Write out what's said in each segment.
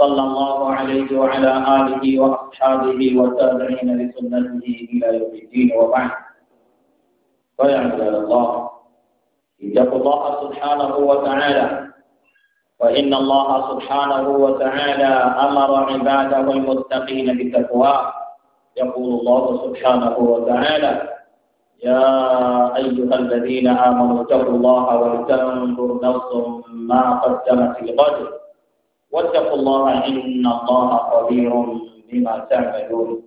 صلى الله عليه وعلى آله وأصحابه والتابعين لسنته إلى يوم الدين وبعد فيا عباد الله اتقوا الله سبحانه وتعالى وإن الله سبحانه وتعالى أمر عباده المتقين بتقواه يقول الله سبحانه وتعالى يا أيها الذين آمنوا اتقوا الله ولتنظر نفس ما قدمت لغد واتقوا الله إن الله خبير بما تعملون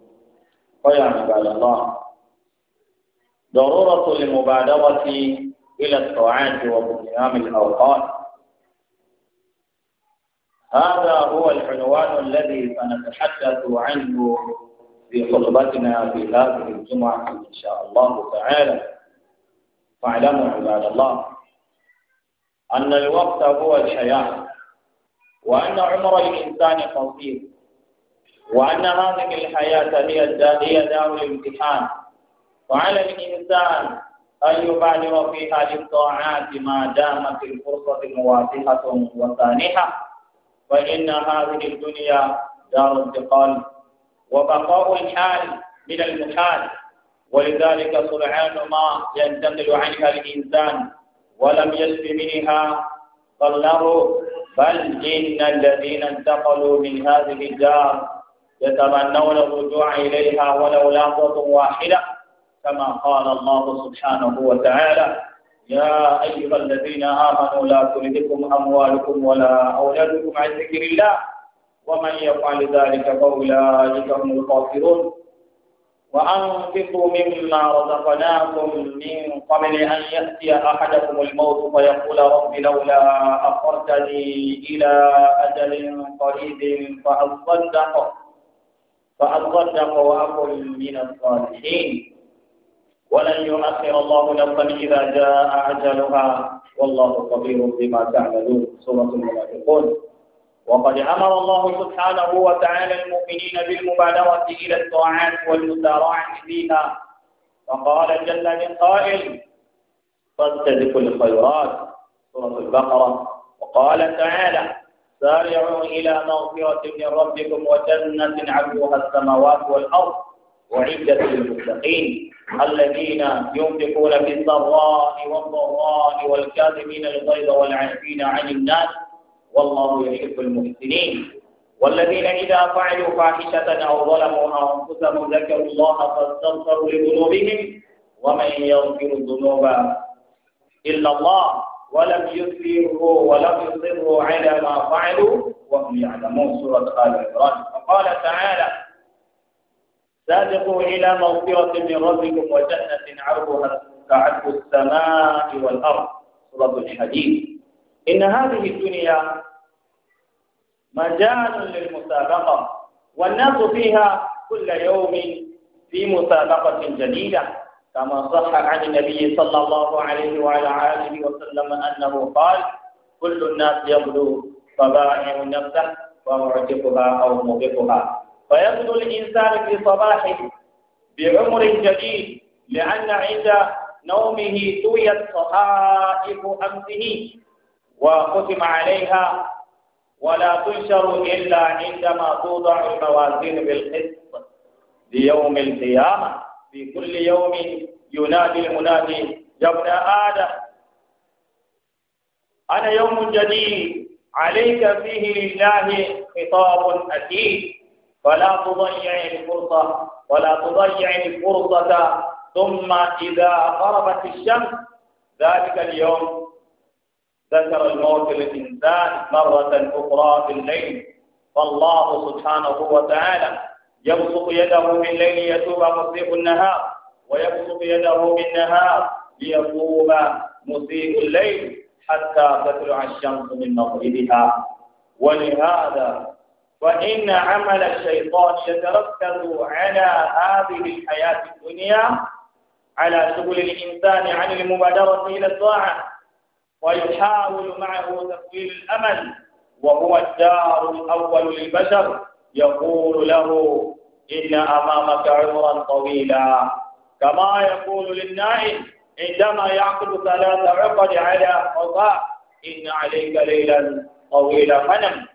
ويا عباد الله ضرورة المبادرة إلى الطاعات وقيام الأوقات هذا هو العنوان الذي سنتحدث عنه في خطبتنا في هذه الجمعة إن شاء الله تعالى فاعلموا عباد الله أن الوقت هو الحياة وأن عمر الإنسان قصير وأن هذه الحياة هي دار الامتحان وعلى الإنسان أن يبالغ فيها للطاعات ما دامت الفرصة موافقة وسانحة فإن هذه الدنيا دار انتقال وبقاء الحال من المحال ولذلك سرعان ما ينتقل عنها الإنسان ولم يسب منها صلاه بل إن الذين انتقلوا من هذه الدار يتمنون الرجوع إليها ولو لحظة واحدة كما قال الله سبحانه وتعالى يا أيها الذين آمنوا لا تلهكم أموالكم ولا أولادكم عن ذكر الله ومن يفعل ذلك فأولئك هم الخاسرون وأنفقوا مما رزقناكم من قبل أن يأتي أحدكم الموت فيقول رب لولا أخرتني إلى أجل قريب فأصدق فأصدق وأكن من الصالحين ولن يؤخر الله نفسا إذا جاء أجلها والله خبير بما تعملون سورة المنافقون وقد أمر الله سبحانه وتعالى المؤمنين بالمبادرة إلى الطاعات والمسارعة فيها فقال جل من قائل فاستبقوا الخيرات سورة البقرة وقال تعالى سارعوا إلى مغفرة من ربكم وجنة عبدها السماوات والأرض وعدة للمتقين الذين ينفقون في الضراء والضراء والكاذبين الغيظ والعافين عن الناس والله يحب المحسنين والذين إذا فعلوا فاحشة أو ظلموا أنفسهم ذكروا الله فاستغفروا لذنوبهم ومن يغفر الذنوب إلا الله ولم يصروا ولم يصروا على ما فعلوا وهم يعلمون سورة آل عمران فقال تعالى سابقوا إلى مغفرة من ربكم وجنة عرضها كعرض السماء والأرض سورة الحديث إن هذه الدنيا مجال للمسابقة والناس فيها كل يوم في مسابقة جديدة كما صح عن النبي صلى الله عليه وعلى آله وسلم أنه قال كل الناس يبدو فبائع نفسه ومعتقها أو موبقها فيبدو الإنسان في صباحه بعمر جديد لأن عند نومه تويت صحائف أمسه وختم عليها ولا تنشر إلا عندما توضع الموازين بالقسط ليوم القيامة في كل يوم ينادي المنادي يا ابن آدم أنا يوم جديد عليك فيه لله خطاب أكيد فلا تضيع الفرصة ولا تضيع الفرصة ثم إذا غربت الشمس ذلك اليوم ذكر الموت للإنسان مرة أخرى في الليل فالله سبحانه وتعالى يبسط يده بالليل يتوب مسيء النهار ويبسط يده بالنهار ليتوب مسيء الليل حتى تطلع الشمس من مغربها ولهذا فإن عمل الشيطان يتركز على هذه الحياة الدنيا على سبل الإنسان عن المبادرة إلى الطاعة ويحاول معه تطويل الأمل وهو الدار الأول للبشر يقول له إن أمامك عمرا طويلا كما يقول للنائم عندما يعقد ثلاث عقد على قضاء إن عليك ليلا طويلا فنم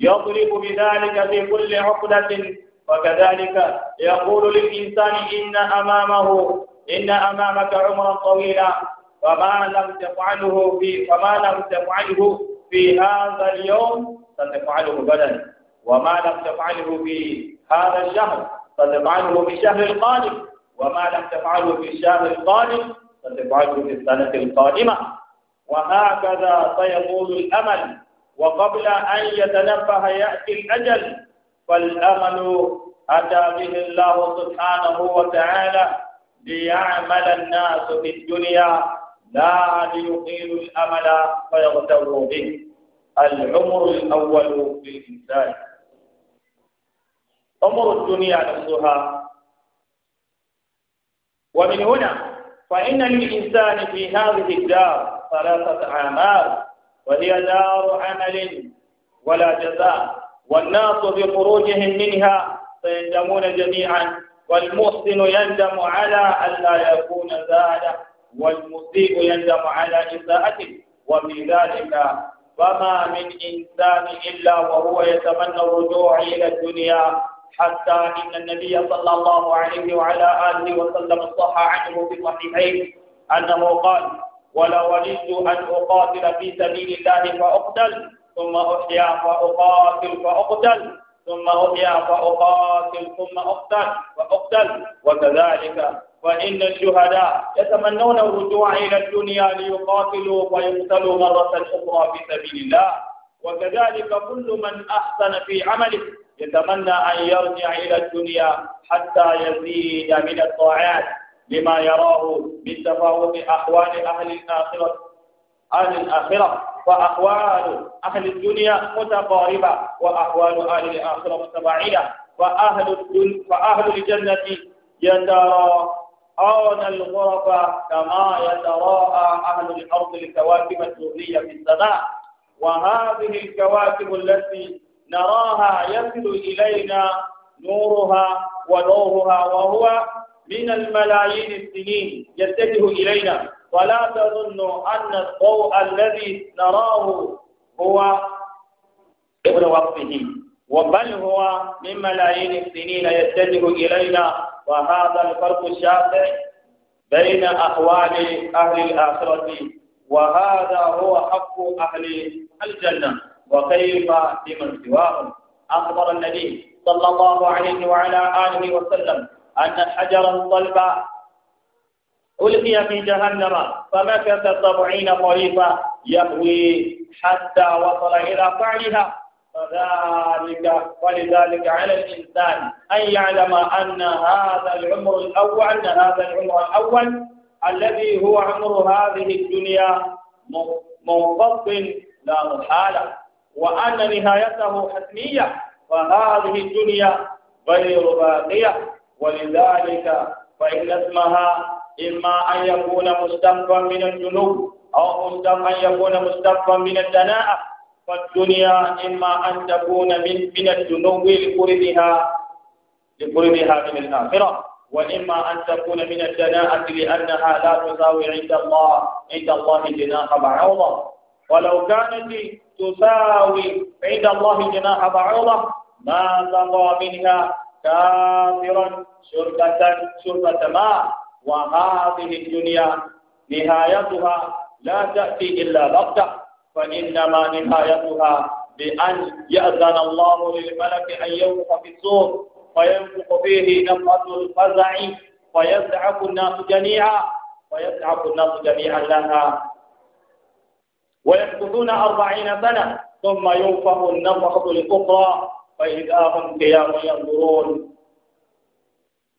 يضرب بذلك في كل عقدة وكذلك يقول للإنسان إن أمامه إن أمامك عمرا طويلا وما لم تفعله في وما لم تفعله في هذا اليوم ستفعله غدا وما لم تفعله في هذا الشهر ستفعله في الشهر القادم وما لم تفعله في الشهر القادم ستفعله في السنة القادمة وهكذا سيطول الأمل وقبل أن يتنبه يأتي الأجل فالأمل أتى به الله سبحانه وتعالى ليعمل الناس في الدنيا لا ليقيلوا الأمل فيغتروا به العمر الأول للإنسان عمر الدنيا نفسها ومن هنا فإن للإنسان في هذه الدار ثلاثة أعمال وهي دار عمل ولا جزاء والناس بخروجهم منها سيندمون جميعا والمحسن يندم على ألا يكون زاده والمسيء يندم على إساءته وفي ذلك فما من إنسان إلا وهو يتمنى الرجوع إلى الدنيا حتى إن النبي صلى الله عليه وعلى آله وسلم صح عنه في صحيحين أنه قال ولو أردت أن أقاتل في سبيل الله فأقتل ثم أحيا فأقاتل فأقتل ثم أحيا فأقاتل ثم أقتل فأقتل وكذلك فإن الشهداء يتمنون الرجوع إلى الدنيا ليقاتلوا ويقتلوا مرة أخرى في سبيل الله وكذلك كل من أحسن في عمله يتمنى أن يرجع إلى الدنيا حتى يزيد من الطاعات لما يراه من تفاوت أحوال أهل الآخرة أهل الآخرة وأحوال أهل الدنيا متقاربة وأحوال أهل الآخرة متباعدة فأهل الدنيا فأهل الجنة يترى آن الغرب كما يتراءى أهل الأرض لكواكب الدرية في السماء وهذه الكواكب التي نراها يصل إلينا نورها ونورها وهو من الملايين السنين يتجه إلينا ولا تظن أن الضوء الذي نراه هو ابن وقته وبل هو من ملايين السنين يتجه إلينا وهذا الفرق الشاسع بين أقوال أهل الآخرة وهذا هو حق أهل الجنة وكيف لمن سواهم أخبر النبي صلى الله عليه وعلى آله وسلم أن الحجر الصلب ألقي في جهنم فمكث سبعين طريقا يهوي حتى وصل إلى فعلها فذلك ولذلك على الإنسان أن يعلم أن هذا العمر الأول أن هذا العمر الأول الذي هو عمر هذه الدنيا منفض لا محالة وأن نهايته حتمية فهذه الدنيا غير باقية ولذلك فإن اسمها إما أن يكون مستنفا من الجنوب أو أن يكون مستنفا من الدناءة فالدنيا إما أن تكون من من الذنوب لقربها لقربها من الآخرة وإما أن تكون من الدناءة لأنها لا تساوي عند الله عند الله جناح بعوضة ولو كانت تساوي عند الله جناح بعوضة ما سقى منها كافرا شربة شربة ماء وهذه الدنيا نهايتها لا تأتي إلا بغتة فإنما نهايتها بأن يأذن الله للملك أن ينفخ في الصور فينفخ فيه نفخة الفزع فيزعف الناس جميعا فيزعف الناس جميعا لها ويمكثون أربعين سنة ثم ينفخ النفخة الأخرى فإذا هم قيام ينظرون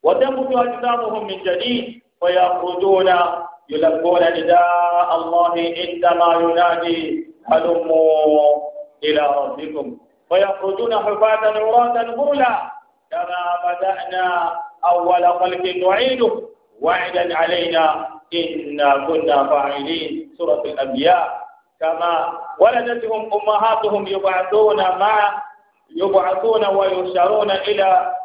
وتنبت أجسامهم من جديد فيخرجون يلبون نداء الله عندما ينادي هلموا إلى ربكم ويخرجون حفاة عراة غرلا كما بدأنا أول خلق نعيده وعدا علينا إنا كنا فاعلين سورة الأنبياء كما ولدتهم أمهاتهم يبعثون مع يبعثون ويشارون إلى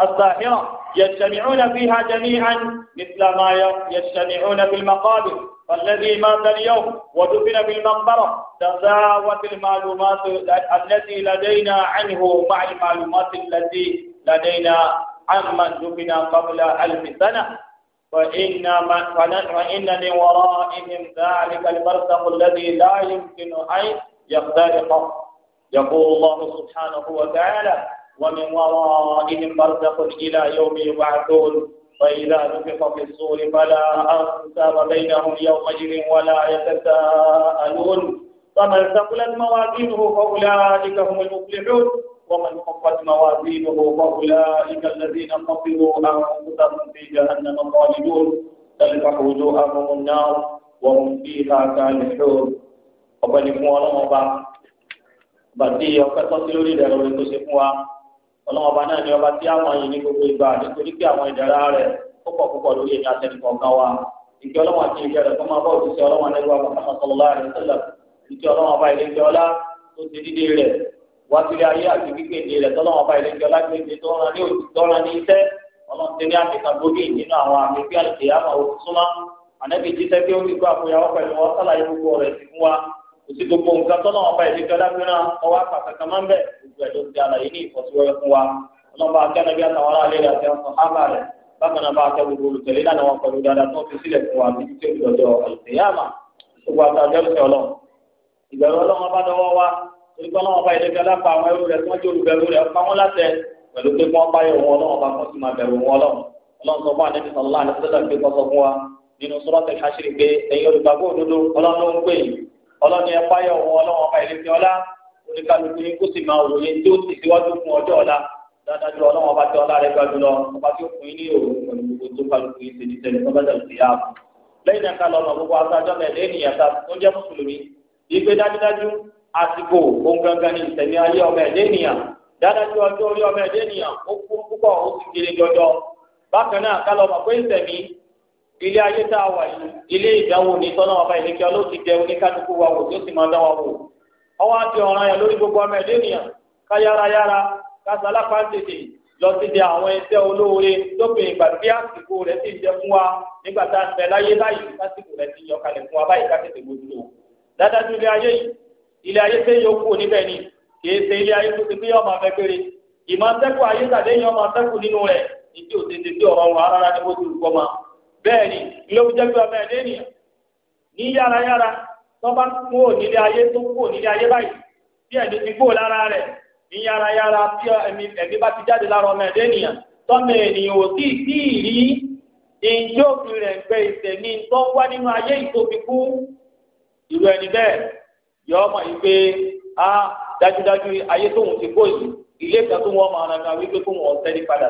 الظاهرة يجتمعون فيها جميعا مثل ما يجتمعون في المقابر فالذي مات اليوم ودفن بالمقبرة تزاوت المعلومات التي لدينا عنه مع المعلومات التي لدينا عمن دفن قبل ألف سنة فإن فإن من ورائهم ذلك البرزخ الذي لا يمكن أن يخترقه يقول الله سبحانه وتعالى ومن ورائهم برزخ إلى يوم يبعثون فإذا نفخ في الصور فلا أنساب بينهم يومئذ ولا يتساءلون فمن ثقلت موازينه فأولئك هم المفلحون ومن خفت موازينه فأولئك الذين خسروا أنفسهم في جهنم خالدون تلفح وجوههم النار وهم فيها كالحور ọpẹ́ ni fún Ọlọ́run ọba bàtí ọpẹ́ tọ́sí lórí ọlọ́wọ́n ọba náà ni ọba tí àwọn yìí ní gbogbo ìgbà nítorí pé àwọn ìdára rẹ̀ púpọ̀ púpọ̀ lórí ẹ̀yìn àtẹnukọ̀ọ̀kan wa ìgbẹ́ ọlọ́wọ́n àti ìgbẹ́ rẹ̀ tó máa bọ́ òṣìṣẹ́ ọlọ́wọ́n ẹgbẹ́ wa kọ́kọ́ sọ̀rọ̀ láàrin sílẹ̀ ìgbẹ́ ọlọ́wọ́n ọba ìlẹ́jọ́ ọlá tó ti dídé rẹ̀ wá sílé ayé àti gbígbèdè rẹ̀ tọ́lọ́wọ́n ọba ìlẹ́jọ́ ọlá gbèdè tọ́ran ní iṣẹ́ ọlọ́run ti ní àmì kan òsì gbogbo nǹkan tọ́lọ́ wọn bá ẹ̀dí kí ọlágbéra ọwọ́ àpàtàkà máa ń bẹ̀ gbogbo ẹ̀ ló ti àlàyé ní ìfọ̀síwẹ́rẹ́ fún wa ọlọ́ba akẹ́nàbí àtàwọn aráàlú rẹ̀ àti àwọn sọ̀hábà rẹ̀ bákan náà bá akẹ́ gbogbo olùtẹ̀lé lánàá wọn pẹ̀lú dáadáa tó fi sílẹ̀ fún wa títí tí olùdọ̀dọ̀ àlùfẹ́yàmà gbogbo àtàjọ́ ìfẹ́ ọlọ́ ìbẹ̀rù ọlọ́wọ́n bá dọwọ́ wa torí pé ọlọ́wọ́n bá ẹ̀dẹ́ kí ọlápá àwọn ẹrú rẹ̀ tí wọ́n jẹ́ olùbẹ̀rù rẹ̀ ọ̀pá wọn láṣẹ pẹ̀lú pé wọ́n bá yọ wọn ọlọ́wọ́n bá kọ́ sí máa bẹ̀rù wọn ọlọ́wọ́n ọlọ́wọ́n sọ fún àdébí sọ̀rọ̀ láàrin sọ́dọ̀ pé kọ́ sọ fún wa nínú sọ́dọ̀ tẹ̀ káṣírí pé ẹ̀yin olùgbàgbọ́ òdodo ọlọ́run ló ń pè yìí ọlọ́ni ẹ fáyọ̀ wọn ọlọ́wọ́n ọba ìrètí ọlá oníkálukú yín kó sì máa wòye tí ó sì síwájú fún ọjọ́ ọ̀la dáadáa ọlọ́wọ́n ọba tí ọlá rẹ̀ gbájú lọ ọba tí ó fún yín ní òun pẹ̀lú gbogbo tó kálukú yín ṣe ní tẹ̀lé tó bá dàrú yá lẹ́yìn náà ká lọ mọ̀ gbogbo aṣáájọ́ mẹ́lẹ́ ènìyàn ta tó jẹ́ mùsùlùmí ìgbé dájúdájú àsìkò ohun gangan ní ìtẹ̀mí ilé ayé tá a wà yìí ilé ìdánwò ní tọ́nà ọba ìlẹ́kẹ́ ọlọ́ọ̀tì jẹ oníkálukú wa wò tó sì máa dá wa wò ọwọ́ àti ọ̀ràn yẹn lórí gbogbo ọmọ ẹ̀dẹ́ ènìyàn ká yára yára ká sálápá tètè lọ sí di àwọn iṣẹ́ olóore lópin ìgbà tí àsìkò rẹ̀ sì jẹ fún wa nígbà tá a ń bẹ láyé láyé lásìkò rẹ̀ ti yọkalẹ̀ fún wa báyìí ká tètè mójútó dáadáa ilé ayé yìí ilé ayé tẹ́ yóò kú níbẹ̀ ni kì í ṣe bẹ́ẹ̀ ni ló fi jẹ́ pé ọmọ ẹ̀dẹ́ ènìyàn ní yárayára tó ayé tó nílé ayé báyìí bí ti kó lára ní tí bá ti jáde lára ọmọ ẹ̀dẹ́ ènìyàn tọ́mọ ènìyàn ò tí ì rí tó wá nínú ayé ìlú ẹni yọ ọmọ yìí pé a ti yìí ilé tó máa ràn wípé kó wọn padà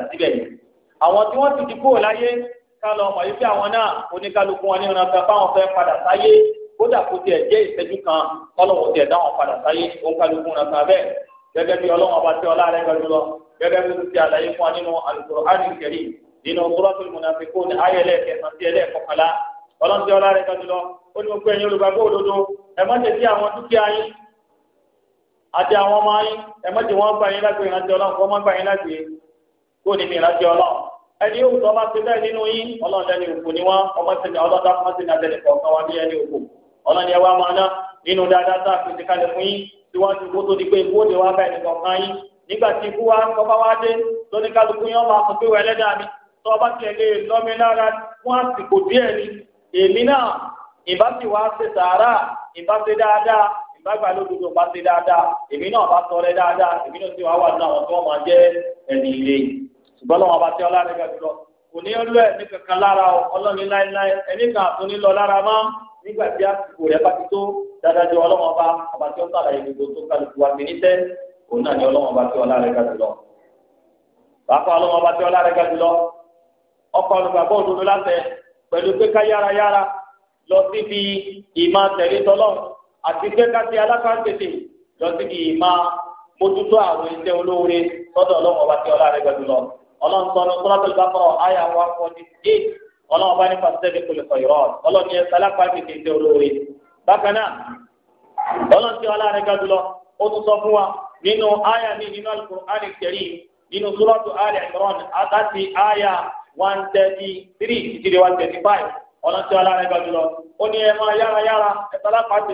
àwọn kálọ̀ ọmọ yìí pé àwọn náà oníkálukú wọn ní ìran kan báwọn fẹ́ padà sáyé kódà kó tiẹ̀ jẹ́ ìṣẹ́jú kan kọ́lọ́wọ́ tiẹ̀ dáwọn padà sáyé oníkálukú wọn kan bẹ́ẹ̀ gẹ́gẹ́ bí ọlọ́run ọba tí ọlá rẹ̀ gbẹdú lọ gẹ́gẹ́ bí ti àlàyé fún wa nínú Al-Qur'an Al-Karim nínú Suratul Munafiqun ayẹlẹ kẹsàn-án sí ẹlẹ́ kọkànlá ọlọ́run tí ọlá rẹ̀ gbẹdú lọ ó ní gbogbo ẹ̀yin olùgbàgbọ́ òdodo ẹ má ṣe sí àwọn dúkìá yín àti àwọn ọmọ yín ẹ má ṣe wọ́n gbà yín lágbè ìrántí ọlọ́run kọ́ mọ́ gbà yín lágbè kó ní mi ìrántí ọlọ́run ẹni yóò tọ́ bá ti bẹ́ẹ̀ nínú yín ọlọ́ọ̀dẹ ni òkú ni wọ́n ọmọ ti ní ọlọ́dà fún ti ní abẹ́lẹ̀ kọ̀ọ̀kan wá ní ẹni òkú ọlọ́ni ẹwà máa ná nínú dáadáa tá a fi ti kalẹ̀ fún yín síwájú kó tó di pé ikú òde wá bá ẹnì kọ̀ọ̀kan yín nígbà tí ikú wa kọ́kọ́ wá dé lóní kálukú yín ọmọ àfọ̀ pé wà ẹlẹ́dàá mi tọ́ bá tiẹ̀ lè lọ́mi lára fún àsìkò díẹ̀ ni èmi náà ìbá ti wá ṣe sàárà ìbá ṣe ṣùgbọ́n lọ́wọ́ bá tí ọlá rẹ̀ gẹ̀ jùlọ kò ní ọlú ẹ̀ ní kankan lára ọ ọlọ́ni láéláé ẹni kan àtún ní lọ lára mọ́ nígbà tí àsìkò rẹ̀ bá ti tó dáadájú ọlọ́wọ́n bá ọba tí ó sàlàyé gbogbo tó kálukú wa fi ní tẹ́ òun náà ni ọlọ́wọ́n bá tí ọlá rẹ̀ gẹ̀ jùlọ. bàbá ọlọ́wọ́n bá tí ọlá rẹ̀ gẹ̀ jùlọ ọkọ̀ olùgbàgbọ́ òdodo láṣẹ pẹ̀lú pé ká yára yára lọ síbi ìmọ̀ tẹ̀lé tọ́lọ́ àti pé ká ti ọlọ́run sọ ní sọ́lọ́tò ìbáfọ̀ àyà wa fọ́ ní ṣe ọlọ́run bá ní pàṣẹ kò lè kọ ìrọ̀ ọlọ́run yẹn sálápá kìkì ṣe olóore bákan náà ọlọ́run tí ọlá rẹ̀ gàdúlọ ó tún sọ fún wa nínú àyà mi nínú Al-Qur'an Al-Karim nínú sọ́lọ́tò àlẹ́ ìrọ̀n àtàtì àyà one thirty three ìdílé one thirty five ọlọ́run tí ọlá rẹ̀ gàdúlọ ó ní ẹ máa yára yára ẹ sálápá ti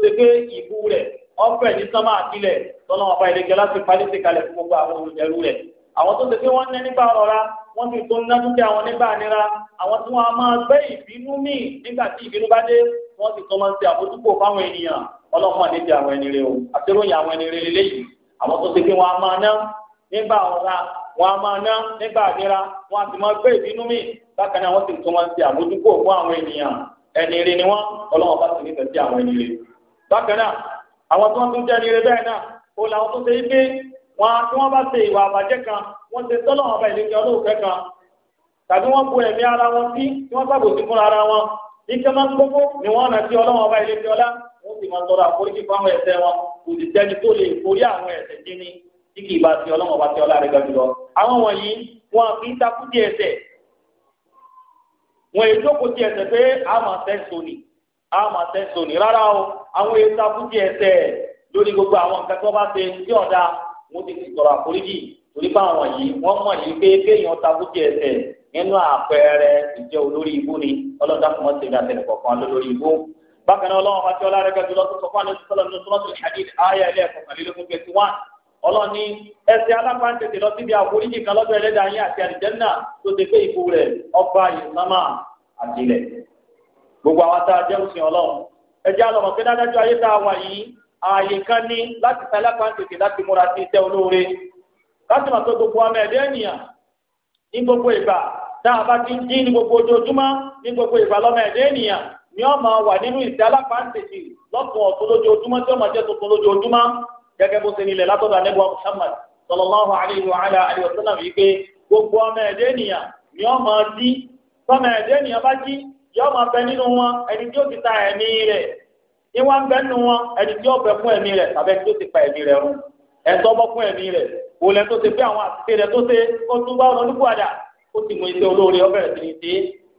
gbé ìbú rẹ̀ tọ́lá wọn bá ilé jọ láti parí ti kalẹ̀ fún gbogbo àwọn olùdẹrú rẹ̀ àwọn tó ṣe pé wọ́n ń ná nígbà ọ̀rọ̀ ra wọ́n ti tó ná dúkìá wọn nígbà nira àwọn tí wọ́n á máa gbé ìbínú míì nígbà tí ìbínú bá dé wọ́n ti tó máa ń ṣe àbójútó fáwọn ènìyàn ọlọ́mọ níbi àwọn ẹni rẹ o àtẹròyìn àwọn ẹni rẹ lélẹ́yìí àwọn tó ṣe pé wọ́n á máa ná nígbà ọ̀ra wọn a máa ná nígbà nira wọn a sì máa gbé ìbínú mi bákan náà wọn sì tún wọn ṣe àbójúkò fún àwọn ènìyàn ẹni rí ni wọn ọlọ́wọ́n bá sì nífẹ̀ẹ́ sí àwọn ẹni rí. bákan náà àwọn tó ń tún jẹ́ ẹni rí bẹ́ẹ̀ náà ó làwọn tó ṣe wípé wọn tí wọ́n bá ṣe ìwà àbàjẹ́ kan wọ́n ṣe tọ́lọ̀ ọba ìlẹ́kẹ̀ ọlọ́ọ̀fẹ́ kan tàbí wọ́n bu ẹ̀mí ara wọn sí tí wọ́n ṣàbòsí fúnra ara wọn ní kẹ́mọ́ gbogbo ni wọ́n rántí ọlọ́wọ́n ọba ìlẹ́kẹ̀ ọlá wọ́n sì máa tọrọ àforíjì fún àwọn ẹ̀ṣẹ̀ wọn kò sì sẹ́ni tó lè forí àwọn ẹ̀ṣẹ̀ dín ní tí kì í bá ti ọlọ́wọ́n ọba ti ọlá rẹ̀ ga jùlọ. àwọn wọ̀nyí wọn kì í takú di ẹ̀ṣẹ̀ wọn èyí jókòó di ẹ̀ṣẹ̀ pé a máa tẹ́ sóni a máa tẹ́ sóni rárá o àwọn èyí takú di ẹ̀ṣẹ̀ lórí gbogbo àwọn nǹkan tó bá ṣe sí ọ̀dà wọn ti sọ̀rọ̀ àforíjì torí báwọn yìí wọ́n mọ̀ yìí pé kéèyàn takútì ẹsẹ̀ nínú àpẹẹrẹ ìjẹ́ olórí ibú ni ọlọ́dà fún wọn ti rí àtẹnì kọ̀ọ̀kan lórí ibú. bákan náà ọlọ́run àti ọlọ́run gẹ́gẹ́ lọ́tún sọ fún àlejò sọlọ́ọ̀nù sọ́lọ́ọ̀tún hadid ayé ilé ẹ̀kọ́ kàlélógún twenty one ọlọ́run ní ẹsẹ̀ alápáǹtẹ̀tẹ̀ lọ síbi àforíjì kan lọ́dọ̀ ẹlẹ́dàá yín àti àlìjẹ́nà tó ti pé ikú rẹ̀ ọba ìsámà àtìlẹ̀ gbogbo àwọn tá a jẹ́ òsìn ọlọ́run ẹjẹ́ àlọ́mọ̀ pé ààyè kan ní láti ta lápáǹtìkì láti múra sí iṣẹ́ olóore láti tó gbogbo ọmọ ẹ̀dẹ́ ènìyàn ní gbogbo ìgbà tá a bá ti ń dín ní gbogbo ní gbogbo ìgbà ènìyàn ni ó máa wà nínú ìṣẹ́ alápáǹtìkì lọ́tún ọ̀tún lójoojúmọ́ tí ó máa jẹ́ tuntun lójoojúmọ́ gẹ́gẹ́ bó ṣe nílẹ̀ Muhammad ni ó máa ènìyàn bá ní wọn bẹ nu wọn ẹni tí ọbẹ fún ẹ̀mí rẹ̀ tàbí ẹni tó ti pa ẹ̀mí rẹ̀ rún ẹ̀tọ́ bọ fún ẹ̀mí rẹ̀ wòlẹ tó ti pé àwọn àtúnṣe rẹ̀ tó ṣe ó tún bá ọdún nípòàdà ó ti mú iṣẹ́ olóore ọbẹ rẹ̀ sì ní ṣe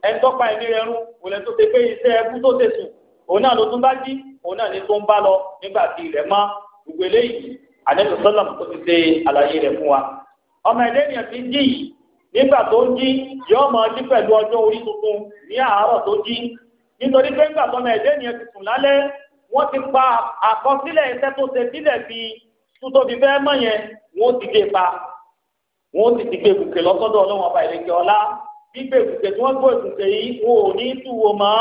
ẹni tó pa ẹ̀mí rẹ̀ rún wòlẹ tó ti pé iṣẹ́ ẹkú tó ṣe sùn òun náà ló tún bá jí òun náà ní tó ń bá lọ nígbà tí ilẹ̀ mọ́ gbogbo eléyìí àdéhùn sọlọm tó ti ṣe àlàyé rẹ̀ fún wa ọmọ ẹlẹ́nìyàn ti jí yìí nígbà tó ń jí yóò máa jí pẹ̀lú ọjọ́ orí tuntun ní àárọ̀ tó jí nítorí pé nígbà tó ọmọ ẹlẹ́nìyàn ti sùn lálẹ́ wọ́n ti pa àkọsílẹ̀ iṣẹ́ tó ṣe sílẹ̀ fi tútóbi fẹ́ mọ̀ yẹn wọ́n ti gbé pa wọ́n ti ti gbé gùnkè lọ́sọ́dọ̀ ọlọ́wọ́n ọba ìrèké ọlá gbígbé gùnkè tí wọ́n gbó gùnkè yìí wọn ò ní tú wo mọ́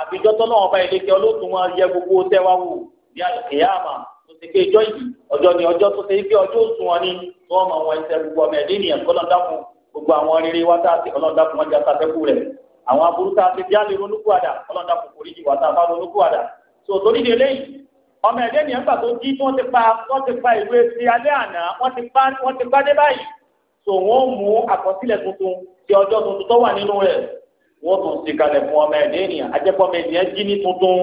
àbíjọ́ tọ́lọ́wọ́n ọba ìrèké ọlọ́tún wọn yẹ gbogbo tẹ́wá wò bí àlùkè yá àmà tó ti gbé ìjọ́ yìí ọjọ́ ni ọjọ́ tó ṣe gbé ọjọ́ òsùn wọn ni tí wọ́n mọ àwọn iṣẹ́ gbogbo ọmọ ẹ̀dín nìyẹn kọ́lọ́dàkùn gbogbo àwọn rere wá tá a ti ọlọ́dàkùn wọn jẹ́ àtàkẹ́kù rẹ̀ àwọn aburú tá a ti bí a ronú kú àdá ọlọ́dàkùn kò rí jù wá a bá ronú kú àdá sòtò nídìí eléyìí ọmọ ẹ̀dẹ́ nìyẹn gbà tó jí tí wọ́n ti pa wọ́n ti pa ìwé ti alẹ́ àná wọ́n ti pa wọ́n ti pa dé báyìí sò wọ́n mú àkọsílẹ̀ tuntun ti ọjọ́ tuntun tó wà nínú rẹ̀ wọ́n tún ti kalẹ̀ fún ọmọ ẹ̀dẹ́ nìyẹn ajẹ́pọ̀ ọmọ ẹ̀dẹ́ jí ní tuntun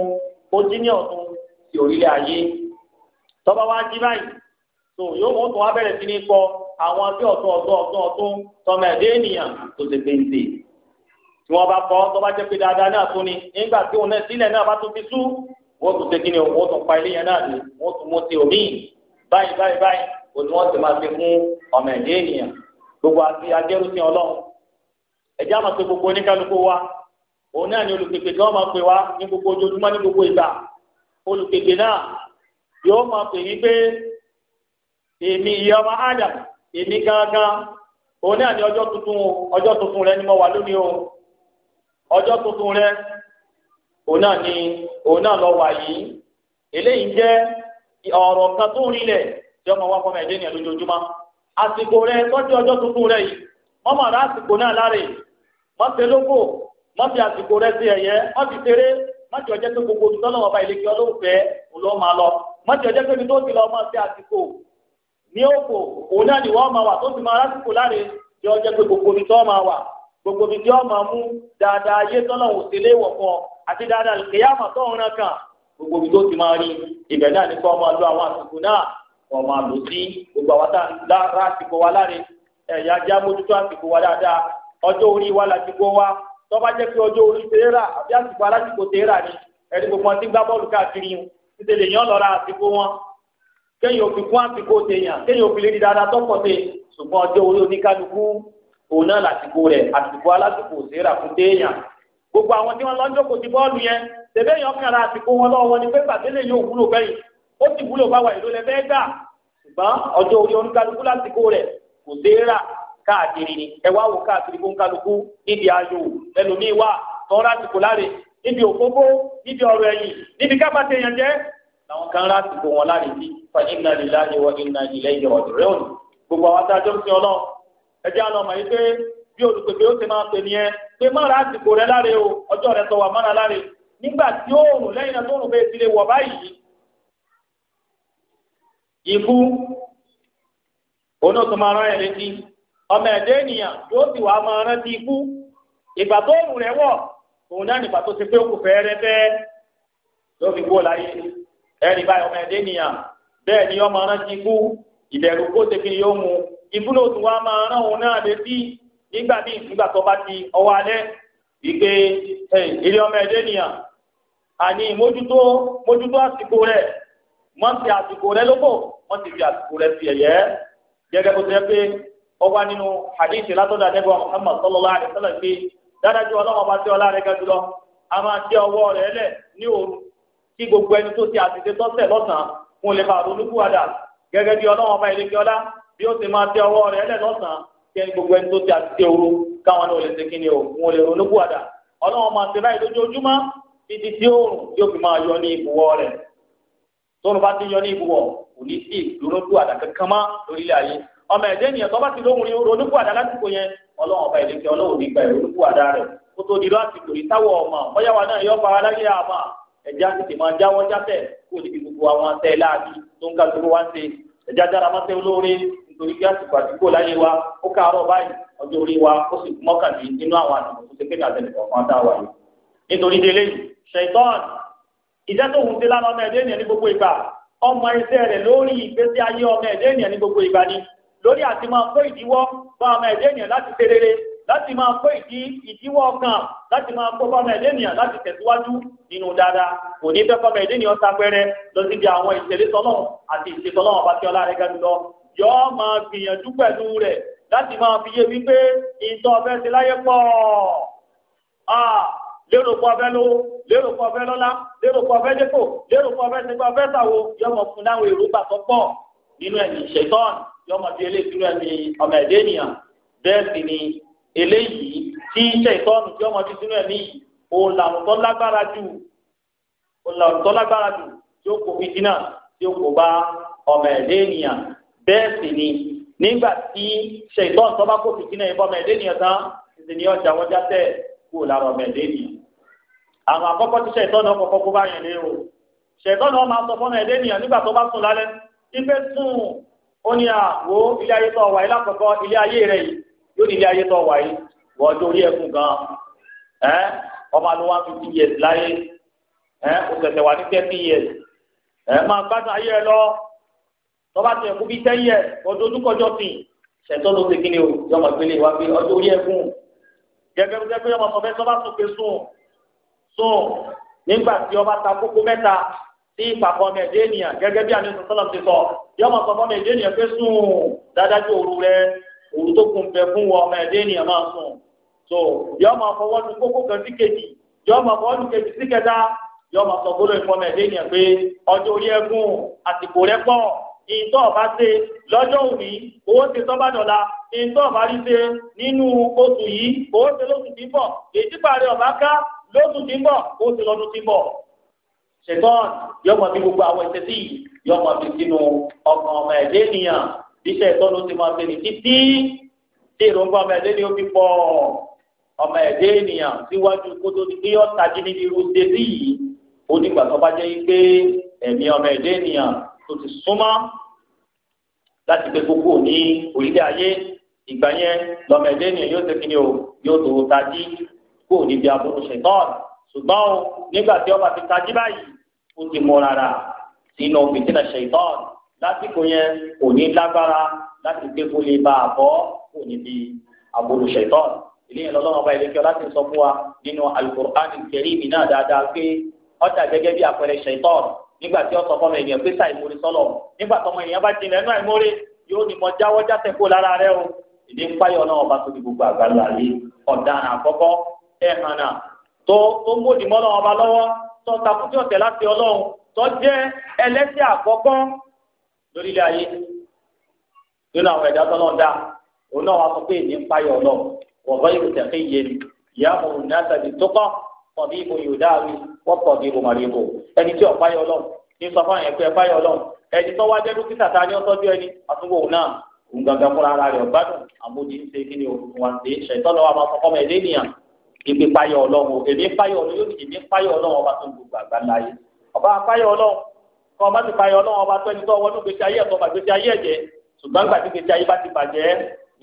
ó jí ní ọ̀tun ti orílẹ̀ ayé tọ́ba wá jí báyìí sò yóò mú tún wá bẹ̀rẹ̀ sí ní kọ àwọn bí ọ̀tún ọ̀tún ọ̀tún ọ̀tún tọmọ ẹ̀dẹ́ nìyẹn tó ti gbèǹde tí wọ́n bá kọ́ tó bá jẹ́ pé dáadáa náà tún ni nígbà tí òun náà sílẹ̀ náà bá tún fi sú wọ́n tún tẹ́kí ni wọ́n tún pa ilé yẹn náà ni wọ́n tún mú ti omi báyìí báyìí báyìí kò ní wọ́n ti máa fi fún ọmọ ẹ̀dẹ́ ènìyàn gbogbo àti ajẹ́rùsìn ọlọ́run ẹ̀jẹ̀ àmọ̀ pé gbogbo oníkálukú wa òun náà ni olùpèpè tí wọ́n máa pè wá ní gbogbo ojoojúmọ́ ní gbogbo ìgbà olùpèpè náà yóò máa pè ní pé èmi ìyá ọmọ Adam èmi gángan òun náà ni ọjọ́ tuntun ọjọ́ tuntun rẹ ni mo wà lónìí o ọjọ́ tuntun rẹ òun náà ni lọ wà yìí eléyìí jẹ ọ̀rọ̀ kan tó rinlẹ̀ tí ọmọ wa fọmọ ẹ̀dẹ́ ènìyàn lójoojúmọ́ àsìkò rẹ tọ́jú ọjọ́ tuntun rẹ yìí mọ rẹ àsìkò náà láre mọ́tẹ lóko mọ́tẹ àsìkò rẹ sí ẹ̀yẹ mọ́tẹ tó gbogbo ọba máa lọ tó tó ti lọ sí àsìkò ní òkò òun ni máa wà tó ti gbogbo ibi tí ọmọ mú dáadáa ayé tọ́lọ̀ wò sílé wọ̀ fún ọ àti dáadáa kìyàmọ̀ tó ń ràn kàn gbogbo ibi tó ti máa rí ibẹ̀ náà ní kọ́ máa lo àwọn àsìkò náà wọ́n máa lò sí gbogbo àwọn tá lára àsìkò wa láre ẹ̀yà ajá mójútó àsìkò wa dáadáa ọjọ́ orí wa làsìkò wa tó bá jẹ́ pé ọjọ́ orí tèèrà àbí àsìkò alásìkò tèèrà ni ẹni gbogbo ti gbá bọ́ọ̀lù káàkiri títí lè yán lọ́ra àsìkò wọn kéèyàn òfin kún àsìkò tèèyàn kéèyàn òfin lè rí dáadáa tọ́pọ̀ tè ṣùgbọ́n ọjọ́ orí oníkálukú òun náà làsìkò rẹ̀ àsìkò alásìkò òṣèrà fún téèyàn gbogbo àwọn tí wọ́n lọ jókòó ti bọ́ọ̀lù yẹn tẹ̀lé èèyàn kan ra àsìkò wọn lọ́wọ́ ni pé gbàdélé yóò wúlò bẹ́yìn ó ti wúlò báwa ìlú lẹ bẹ́ẹ̀ gbà ṣùgbọ́n ọjọ́ orí oníkálukú lásìkò rẹ̀ kò séèrà káàkiri ni ẹ wá wò káàkiri fún kálukú níbi ayò ẹlòmíín wà tán lásìkò láre níbi òkóbó níbi ọ̀rọ̀ ẹ̀yìn níbi kápá tèèyàn jẹ́ làwọn kan lásìkò wọn láre sí fa inna lillahi wa inna ilayhi raji'un gbogbo àwọn tá a jọ ẹjẹ́ àlọ́ ọmọ yìí pé bí olùpèpè ó ti máa pè nìyẹn pé mọ́ra àsìkò rẹ láre o ọjọ́ rẹ tọwà mọ́ra láre nígbà tí oòrùn lẹ́yìn náà tóòrùn bẹ́ẹ̀ ti lè wọ̀ báyìí ikú òun ó tún máa rán ẹ̀ létí ọmọ ẹ̀dẹ́ ènìyàn yóò sì wá máa rántí ikú ìgbà tóòrùn rẹ wọ̀ òun náà nígbà tó ti pé òkú fẹ́ẹ́rẹ́ fẹ́ẹ́ yóò fi kúrò láyé báyìí ọmọ ẹ̀dẹ́ ènìyàn bẹ́ẹ̀ ni ọmọ rántí ikú kó yóò mú ìbúlò tó wá máa rán òun náà létí nígbà míì nígbà tó bá ti ọwọ́ alẹ́ wípé ilé ọmọ ẹ̀dẹ́ nìyàn àní mójútó mójútó àsìkò rẹ̀ ti àsìkò rẹ̀ lóko ti fi àsìkò fi ẹ̀yẹ́ gẹ́gẹ́ bó ti yẹ pé ọba nínú hadith látọ̀dọ̀ àdẹ́gbà Muhammad sallallahu alaihi wasallam pé dáadájú ọlọ́wọ́ bá tẹ ọlá lọ a máa ní òru ti án fún bí ó ti máa tẹ ọwọ́ rẹ̀ ẹlẹ́ lọ́sàn-án kí ẹni gbogbo ẹni tó ti àti tẹ òru káwọn náà lè ṣe kí ni o wọn lè ronú gbàdà ọlọ́run máa ṣe báyìí lójoojúmọ́ títí tí oòrùn yóò fi máa yọ ní ibùwọ̀ rẹ̀ tóun bá ti yọ ní ibùwọ̀ kò ní sí ìdúró gbàdà kankan mọ́ lórílẹ̀ ayé ọmọ ẹ̀jẹ̀ nìyẹn tó bá ti lásìkò yẹn ọlọ́run torí bí àsìkò àdúgbò láyé wa ó káàárọ̀ báyìí ọjọ́ orí wa ó sì mọ́kànlé nínú àwọn àdúgbò tó ṣe pé àtẹnì kọ̀ọ̀kan dá wa yìí. nítorí délé yìí ṣètọ́n ìjẹ́ tó hùn sí lánàá ọmọ ẹ̀dẹ́ ènìyàn ní gbogbo ìgbà ọmọ iṣẹ́ rẹ̀ lórí ìgbésí ayé ọmọ ẹ̀dẹ́ ènìyàn ní gbogbo ìgbà ni lórí àti máa kó ìdíwọ́ bá ọmọ ẹ̀dẹ́ ènìyàn láti ṣe rere láti máa kó ìdí ìdíwọ́ ọkàn láti máa kó bọ́mọ ẹ̀dẹ́ ènìyàn láti tẹ̀síwájú nínú dáadáa kò ní fẹ́ bọ́mọ ẹ̀dẹ́ ènìyàn sapẹ́rẹ́ lọ síbi àwọn ìṣẹ̀lẹ̀ tọ́lọ́run àti ìṣètọ́lọ́run bá tí ọlá rẹ̀ gẹ́gẹ́ lọ yọ máa gbìyànjú pẹ̀lú rẹ̀ láti máa fi yé wípé ìtọ́ ọ̀fẹ́ ti láyé pọ̀ lérò pọ̀ ọ̀fẹ́ lówó lérò pọ̀ ọ̀fẹ́ lọ́lá lérò pọ̀ ọ̀fẹ́ dépò lérò pọ̀ ọ̀fẹ́ tipa ọ̀fẹ́ sàwo yọmọ fún láwọn èrò gbà tó pọ̀ nínú ẹ̀mí ṣẹ̀tọ́n yọmọ fi eléyìí sínú ẹ̀mí ọmọ ẹ̀dẹ́ ènìyàn bẹ́ẹ̀ sì ni eléyìí tí ṣẹ̀tọ́n tí ọmọ fi sínú ẹ̀mí yìí òun làwọn tó lágbára jù òun làwọn tó lágbára jù tí ó kò fi dínà tí ó kò bá ọmọ ẹ̀dẹ́ ènìyàn bẹ́ẹ̀ sì ni nígbà tí ṣètọ́n tó bá kó fìtínà ìbọn mẹ́ẹ̀dé nìyẹn tán ṣèṣe ni ọjà wọ́n jáde kúrò lára ọmọdé nìyẹn. àwọn àkọ́kọ́ tí ṣètọ́n náà kọ́kọ́ kó bá yẹn lé o ṣètọ́n náà máa sọ fún ọmọdé nìyẹn nígbà tó bá sùn lálẹ́ ife sùn ó ní àwò ilé ayé tó wà yìí lákọ̀ọ́kọ́ ilé ayé rẹ̀ yìí yóò ní ilé ayé tó wà yìí wọ́n tọ́ba tó yẹ kó bí sẹ́yìn ẹ̀ ọdún ojúkọjọ sí i ṣẹ̀tọ́ ló ti kí ni o yọmọ ìpele wa pé ọjọ́ orí ẹ̀ fún un gẹ́gẹ́ bí sẹ́kọ́ yọmọ sọ fẹ́ tọ́ba tó pe sùn sùn nígbà tí ọba ta kókó mẹ́ta sí ìpàkọ́ ọmọ ẹ̀dẹ́ ènìyàn gẹ́gẹ́ bí àmì sọ́sọ́lọ́ ti sọ yọmọ sọ fọ́mọ ẹ̀dẹ́ ènìyàn pé sùn dádájú òru rẹ òru tó kun bẹ fún ọmọ ẹ̀dẹ́ ènìyàn máa sùn so yọmọ fọwọ́ kókó kan sí kejì yọmọ fọwọ́ kejì sí kẹta yọmọ sọ gbọ́dọ̀ ìfọmọ ẹ̀dẹ́ ènìyàn pé ọjọ́ orí ẹ̀gún àsìkò rẹ pọ̀ ìtọ́ ọ̀bá ṣe lọ́jọ́ òní owó ṣe tọ́ bá dọ̀la ìtọ́ ọ̀bá rí ṣe nínú oṣù yìí owó ṣe lóṣù tí ń bọ̀ èyí parí ọ̀bá ká lóṣù tí ń bọ̀ ó ṣe lọ́dún tí ń bọ̀. ṣètọ́n yọmọ bí gbogbo àwọn ẹsẹ sí yọmọ bí sínú ọkàn ọmọ ẹ̀dẹ́ ènìyàn bí ṣètọ́n ló ti máa ṣe títí tí èròǹgbà ọmọ ẹ̀dẹ́ ni ó fi pọ̀ ọmọ ẹ̀dẹ́ ènìyàn síwájú kótó ti pé ọ̀tàjì níbi irú ṣe sí yìí ó nígbà tó bá jẹ́ pé ẹ̀mí ọmọ ẹ̀dẹ́ ènìyàn tó ti súnmọ́ láti gbé kókó ní orílẹ̀ ayé ìgbà yẹn lọ́mọ ẹ̀dẹ́ yóò ṣe kíni o yóò tó o tají kó o níbi aburú ṣẹ̀tọ́n ṣùgbọ́n o nígbà tí ọba ti tají báyìí o ti mọ rárá sínú fìtínà ṣẹ̀tọ́n lásìkò yẹn kò ní lágbára láti gbé kó lè bá a bọ́ kó níbi aburú ṣẹ̀tọ́n ilé yẹn lọ́lọ́run ọba ìlẹ́kẹ́ láti sọ fún wa nínú Al-Qur'an al náà dáadáa pé ó nígbà tí ọ̀sọ̀ fọmọ ènìyàn pé sàìmórí sọ́lọ̀ nígbà tọmọ ènìyàn bá jinlẹ̀ ẹnu àìmórí yóò ní mọ jáwọ́ jáde kó lára rẹ o ìdí ń páyọ̀ náà ọba tó di gbogbo àgbàlá yìí ọ̀daràn àkọ́kọ́ ẹ̀hànà tó tó mòdì mọ́ náà ọba lọ́wọ́ tó takùtì ọ̀tẹ̀ láti ọlọ́run tó jẹ́ ẹlẹ́sẹ̀ àkọ́kọ́ lórílẹ̀ ayé nínú àwọn ẹ̀dá tó náà dá òun náà wá sọ pé ìdí ń páyọ̀ náà wọ̀gọ́ tọ̀bí ibo yóò dáàbí wọ́n tọ̀bí ibo màrí ibo ẹni tí ọ̀pá yọ lọ́n ní sọ fún àyẹ̀kọ́ ẹ̀pá yọ lọ́n ẹni tó wá jẹ́ dókítà ta ni ó tọ́jú ẹni àtúwò náà òun gangan fúnra ara rẹ̀ ọ̀gbádùn àbójì ń ṣe kí ni òun wà ṣe ṣẹ̀tọ́ lọ́wọ́ àwọn afọ́kọ́ mẹ́rin ènìyàn ìpè payọ̀ ọlọ́run èmi payọ̀ ọlọ́run yóò èmi payọ̀ ọlọ́run ọba tó ń gbogbo àgbà láyé ọba payọ̀ ọlọ́run kọ́ ọba ti payọ̀ ọlọ́run ọba tó ẹni tó wọnú gbèsè ayé ẹ̀tọ́ gbàgbèsè ayé ẹ̀jẹ̀ ṣùgbọ́n gbàgbèsè ayé bá ti bàjẹ́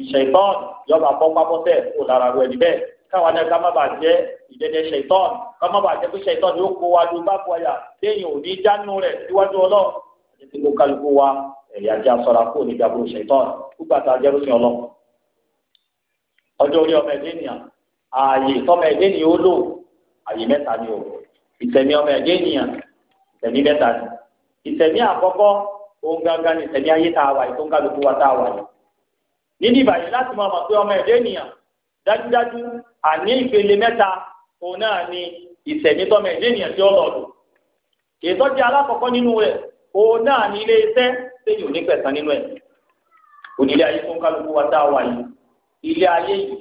ìṣẹ̀tọ́ yọba fọ́ pápọ́tẹ̀ kó lára rẹ̀ níbẹ̀ káwa náà ká má bàa jẹ́ ìdẹ́dẹ́ ṣẹ̀tọ́n ká má bàa jẹ́ pé ṣẹ̀tọ́n ni kó wa lu bábu ọ̀yà téèyàn ò ní jánu rẹ̀ síwájú ọlọ́run àti tí kò kálukú wa ẹ̀yà jẹ́ asọ́ra kó ní ìjàmbá ṣẹ̀tọ́n gbúgbà tá a jẹ́ lóṣìṣẹ́ ọlọ́run. ọjọ́ orí ọmọ ẹ̀dẹ́ ènìyàn ààyè tọ́mọ ẹ̀dẹ́ ènìyàn ó lò ààyè mẹ́ta ni o ìtẹ̀mí ọmọ ẹ̀dẹ́ ènìyàn ìtẹ̀mí mẹ́ta ni ìtẹ̀mí àkọ́kọ́ òun gangan ni ìtẹ̀mí ayé tá a wà yìí tó ń kálukú wa tá a wà yìí. nínú ìbàyẹ̀ láti dájúdájú àní ìpele mẹ́ta òun náà ni ìsẹ̀mítọ́mọ ẹ̀dẹ́ ènìyàn tí ó lọ lò ìtọ́jú alákọ̀ọ́kọ́ nínú rẹ̀ òun náà ní ilé iṣẹ́ tẹ̀yìn òní pẹ̀sán nínú ẹ̀ onílé ayé fún kálukú wa tá a wà yìí ilé ayé yìí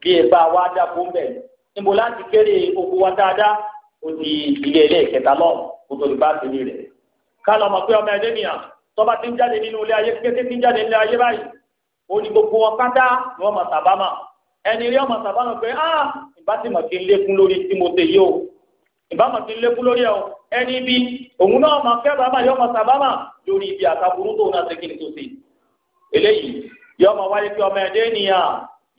bí ẹ bá wa dá fún bẹ́ẹ̀ níbo láti kéré oko wa dáadáa ó di ilé ilé lọ kó tó lè bá tẹ̀lé rẹ̀ ká lọ́mọ pé ọmọ ẹ̀dẹ́ tọ́ba ti ń jáde nínú ilé ayé kété ti ń jáde nínú ilé ayé báyìí ó wọn pátá ni wọ́n mọ̀ sábà máa ẹni rí ọmọ sàbánà pé ah ìbá ti mọ̀ kí n lékún lórí tí mo o ìbá mọ̀ kí n lékún lórí ẹ o ẹni bí òun náà mọ̀ kẹ́rọ àmà yọmọ sàbánà lórí ibi àtàkùrú tó náà ṣe kí n tó ṣe eléyìí yọmọ wáyé pé ọmọ ẹdẹ ènìyàn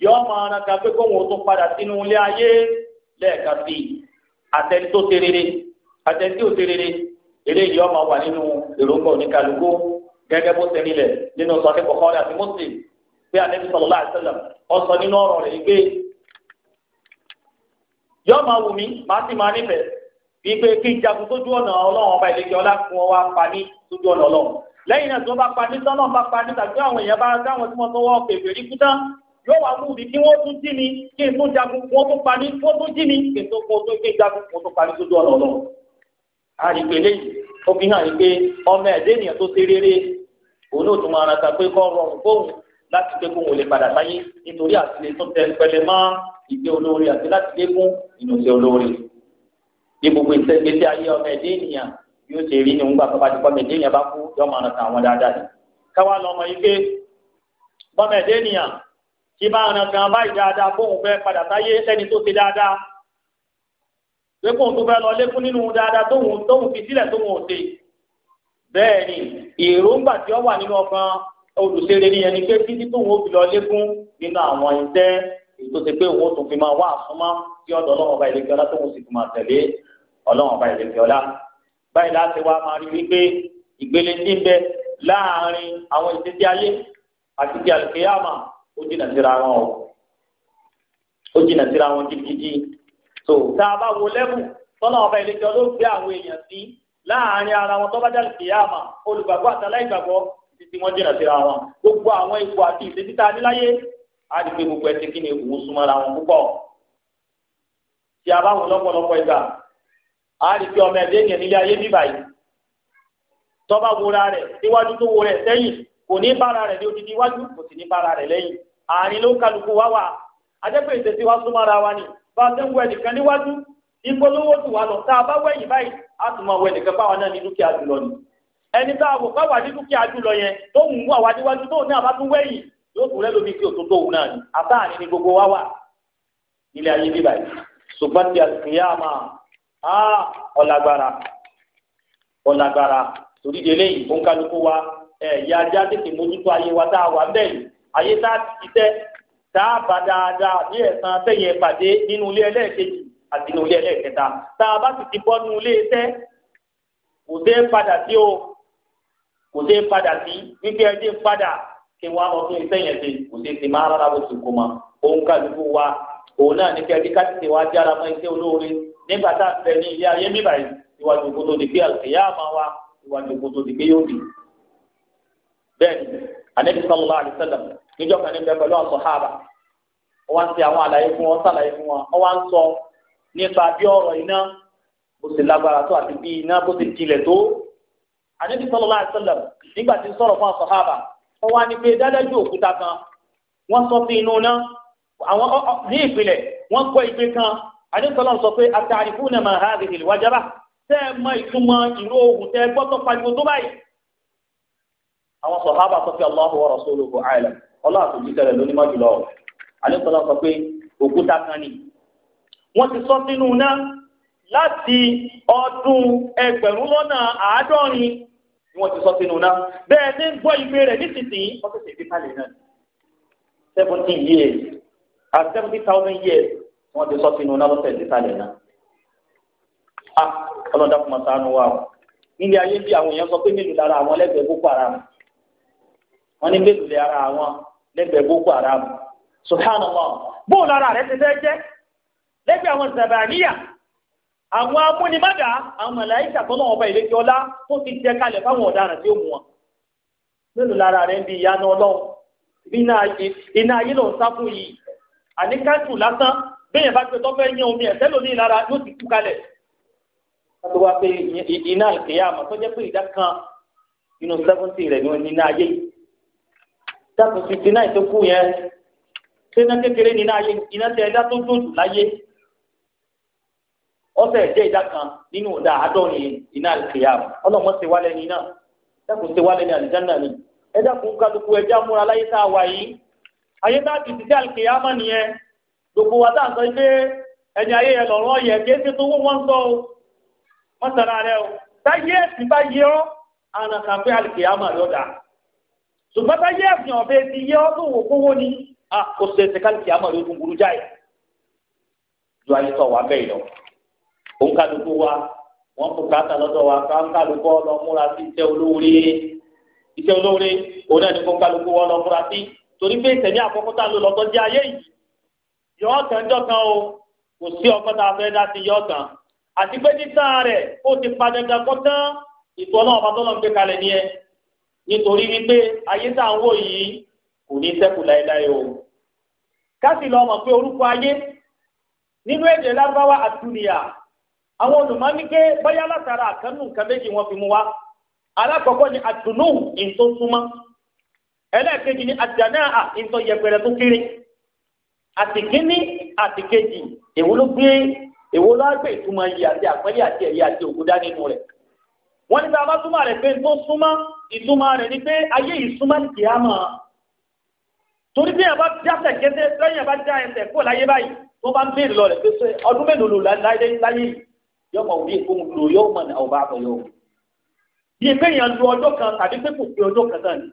yọmọ anaka pé kóhun ó tún padà sínú ilé ayé lẹ́ẹ̀ka sí àtẹni tó ṣe rere àtẹni tí ò ṣe rere eléyìí yọmọ wà nínú èròǹgbà oníkàlùkù gẹ́gẹ́ bó ṣe nílẹ̀ nínú sọ́kẹ́ kọ̀ọ̀kan àti mọ́sílẹ̀ pé anabi sallallahu alaihi wasallam ọsọ nínú ọ̀rọ̀ rẹ̀ gbé yọọ máa wù mí màá sì máa nífẹ̀ẹ́ bíi pé kí n jagun sójú ọ̀nà ọlọ́run ọba ìlẹ́kẹ̀ ọlá fún ọ wá pa ní sójú ọ̀nà ọlọ́run lẹ́yìn náà tí wọ́n bá pa ní sọ́nà bá pa ní tàbí àwọn èèyàn bá dáwọn tí wọ́n tọwọ́ pèpè rí kú tán yóò wá mú mi kí wọ́n tún jí mi kí n tún jagun wọ́n tún pa ní wọ́n tún jí mi kí n tún kó tún kí n jagun wọ́n tún pa ní sójú ọ̀nà ọlọ́run. a rí pé lẹ́yìn ó fi láti pé kóhun lè padà sáyé nítorí àtìlẹ tó tẹ pẹlẹ mọ́ ìgbé olóore àti láti lékún ìnùsẹ olóore ní gbogbo ìtẹgbẹsẹ ayé ọmọ ẹdẹ ènìyàn yóò ṣe rí ní òun gbà tó ẹdẹ ènìyàn bá kú yóò máa ràn àwọn dáadáa ni káwá lọ ọmọ ike pọmọ ẹdẹ ènìyàn tí bá ràn kan báyìí dáadáa kóhun fẹ́ padà sáyé lẹni tó ṣe dáadáa pé kóhun tó fẹ́ lọ lékún nínú dáadáa tóhun tóhun fi sílẹ̀ tóhun ò ṣe bẹ́ẹ̀ ni èròǹgbà tí ó wà nínú ọkàn olùṣeré nìyẹn ni pé títí tó wọn ò fi lọ lékún nínú àwọn iṣẹ́ ètò ṣe pé òun ó tún fi máa wá àsúnmọ́ sí ọ̀dọ̀ ọlọ́run ọba ìlẹ̀kẹ́ ọlá tóun sì fi máa tẹ̀lé ọlọ́run ọba ìlẹ̀kẹ́ ọlá báyìí láti wá máa rí wípé ìgbélé tí ń bẹ láàrin àwọn ìṣesí ayé àti ti àlùkéyàmà ó jìnà síra wọn o ó jìnà síra wọn gidigidi tó tá a bá wo lẹ́bù tọ́lá ọba ìlẹ̀kẹ́ ọlọ́run àwọn èèyàn sí láàrin ara wọn tó bá dá títí wọ́n jìnnà síra wọn gbogbo àwọn ipò àti ìṣesí tá a ní láyé á di pé gbogbo ẹsẹ̀ kí ni òun súnmọ́ra wọn púpọ̀ tí a bá wọn lọ́pọ̀lọpọ̀ ìgbà á di pé ọmọ ẹ̀dẹ́ ènìyàn nílé ayé bíbà yìí tọ́ba wora rẹ̀ síwájú tó wo rẹ̀ sẹ́yìn kò ní bára rẹ̀ ní odidi iwájú kò sì ní bára rẹ̀ lẹ́yìn àárín ló kálukú wá wà ajẹ́pẹ́ ìṣesí wa súnmọ́ra wa ni bá a ti ń wọ ẹnìkan níwájú ìpolówó tù wá lọ tá a bá wẹ̀yìn báyìí á tún máa wọ ẹnìkan báwa náà ní dúkìá jùlọ ni ẹni tá a wò ká wà ní dúkìá jùlọ yẹn tó ń wà wá níwájú tóun náà bá tún wẹ̀yìn yóò tún lẹ́lómi tí òtútù òun náà ni àtàní ni gbogbo wa wà nílé ayé bíbá yìí ṣùgbọ́n ti àkìyàmà á ọ̀làgbára ọ̀làgbára torí délé yìí kálukú wa ẹ̀ yá ajá tètè mójútó ayé wa tá a wà ń bẹ̀ yìí ayé tá a ti tẹ́ tá a bá dáadáa bí ẹ̀sán sẹ́yìn pàdé nínú ilé ẹlẹ́ẹ̀kejì àti nínú ilé ẹlẹ́ẹ̀kẹta tá a bá sì ti bọ́ nínú ilé iṣẹ́ kò dé padà sí o kò sí padà sí wípé ẹ dé padà kí wọn lọ fún iṣẹ́ yẹn ṣe kò sí ti máa rárá bó ti kó ma òun kálukú wa òun náà ní kẹbí ká tètè wá jára mọ́ iṣẹ́ olóore nígbà tá a fẹ́ ní ilé ayé mi báyìí ìwádìí òkúto dìgbé àlùkìyà máa wá ìwádìí òkúto dìgbé yóò dì bẹ́ẹ̀ni anabi sallallahu alayhi wa sallam níjọ́ kan níbẹ̀ pẹ̀lú àwọn sọhábà wọn ti àwọn àlàyé fún wọn sàlàyé fún wọn wọn sọ nípa bí ọ̀rọ̀ iná bó ti lágbára tó àti bí iná bó ti jilẹ̀ tó ànábì sallallahu alaihi wasallam nígbà tí ń sọ̀rọ̀ fún àsọ̀hábà wọ́n wá ní pé dádájú òkúta kan wọ́n sọ sí inú náà àwọn ní ìpìlẹ̀ wọ́n kọ́ ìgbé kan ànábì sọ pé atarifuna ma hadhihi alwajaba tẹ́ ẹ mọ ìtumọ̀ ìró ohun tẹ́ ẹ gbọ́ pariwo tó báyìí. àwọn sọ̀hábà sọ pé Allahu wa rasuluhu a'lam ọlọ́run àti òjíṣẹ́ lónímọ̀ jùlọ ànábì sọ pé òkúta kan ni wọ́n ti sọ sínú náà láti ọdún ẹgbẹ̀rún lọ́nà àádọ́rin ni wọ́n ti sọ sínú náà bẹ́ẹ̀ ní gbọ́ ìwé rẹ̀ nísinsìnyí wọ́n tẹ̀sẹ̀ gbé kalẹ̀ náà seventy years at seventy thousand years wọ́n ti sọ sínú náà wọ́n tẹ̀sẹ̀ gbé kalẹ̀ náà. a ọlọ́dà kùmà sànù wa o nílé ayé bí àwọn èèyàn sọ pé mélòó lára àwọn lẹ́gbẹ̀ẹ́ boko haram wọ́n ní mélòó lára àwọn lẹ́gbẹ̀ẹ́ boko haram subhanallah bóòlù ara rẹ̀ ti fẹ́ jẹ́ lẹ́gbẹ̀ẹ́ àwọn zàbàníyà àwọn amúnimádà àwọn màláíkà tó náà ọba ìlẹ́kẹ́ ọlá tó ti jẹ kalẹ̀ fáwọn ọ̀daràn tí ó mú wọn mélòó lára rẹ̀ ń bi ìyanu ọlọ́run iná ayé ló ń sá fún yìí àní káńtù lásán bẹ́ẹ̀ bá gbé tọ́fẹ́ yẹn omi ẹ̀sẹ̀ lómi lára yóò ti tú kalẹ̀ wọ́n ti wá pé iná ìkéyà àmọ́ tó jẹ́ pé ìdá kan inú sẹ́fúntì rẹ̀ ni wọ́n ní iná ayé dákùn sixty nine tó kú yẹn ṣé iná kékeré ní iná ayé iná tẹ ẹ̀dá tó dòdù láyé ọ̀sẹ̀ ẹ̀jẹ̀ ìdá kan nínú ìdá àádọ́rin iná àlùkìyà ọlọ́mọ ṣe wálé ní náà dákun ṣe wálé ní ni ẹ kálukú amúra láyé tá a wà yìí ayé tá a ti ti sí àlùkìyà nìyẹn gbogbo wa tá a sọ pé ẹni ayé yẹn yẹ kí tó o sara rẹ o bá àlùkìyà ti tó wò kówó ni òǹkàlùkù wa wọn kò káàtà lọ́dọ̀ wa káàkàlùkù ọlọ múra sí iṣẹ́ olóore iṣẹ́ olóore òun náà ní kó kálukú ọlọ múra sí torí pé ìtẹ̀mí àkọ́kọ́ tá a lò lọ́tọ́ jẹ́ ayé yìí yọ ọ̀tàn jọ̀kan o kò sí ọkọ tá a fẹ́ dá sí yọ ọ̀tàn àti pé títàn rẹ̀ ó ti padà gàkọ́ tán ìtọ́ náà ọba tó lọ́n gbé kalẹ̀ ni ẹ nítorí wípé ayé tá à ń wò yìí kò ní ṣẹ́kù láéláé o ká sì lọ mọ̀ pé orúkọ ayé nínú èdè lágbáwá àtúnyà àwọn olùmọ̀ ní pé bóyá látara àkànnù nǹkan méjì wọn fi mú wa alákọ̀ọ́kọ́ ni àdùnnú ìtò súnmọ́ ẹlẹ́ẹ̀kejì ni àdànáà ìtò yẹpẹrẹ tó kéré àtìkíní àtìkejì èwo ló gbé èwo ló gbé ìtumọ̀ yìí àti àpẹẹrẹ àti ẹ̀yẹ àti òkú dá nínú rẹ̀ wọ́n ní sábà bá túmọ̀ rẹ̀ pé tó súnmọ́ ìtumọ̀ rẹ̀ ni pé ayé yìí súnmọ́ ní kìámà torí bí yàrá já sẹ̀kẹ́tẹ́ lẹ́yìn yàrá já ẹsẹ̀ kó láyé báyìí tó bá ń béèrè lọ rẹ̀ pé ọdún mélòó lò láyé yóò mọ̀ bí èkó ń lo yóò mọ̀ ní ọba àbọ̀ yóò. bí èkó èèyàn lu ọjọ́ kan tàbí pé kò pé ọjọ́ kan tán ni.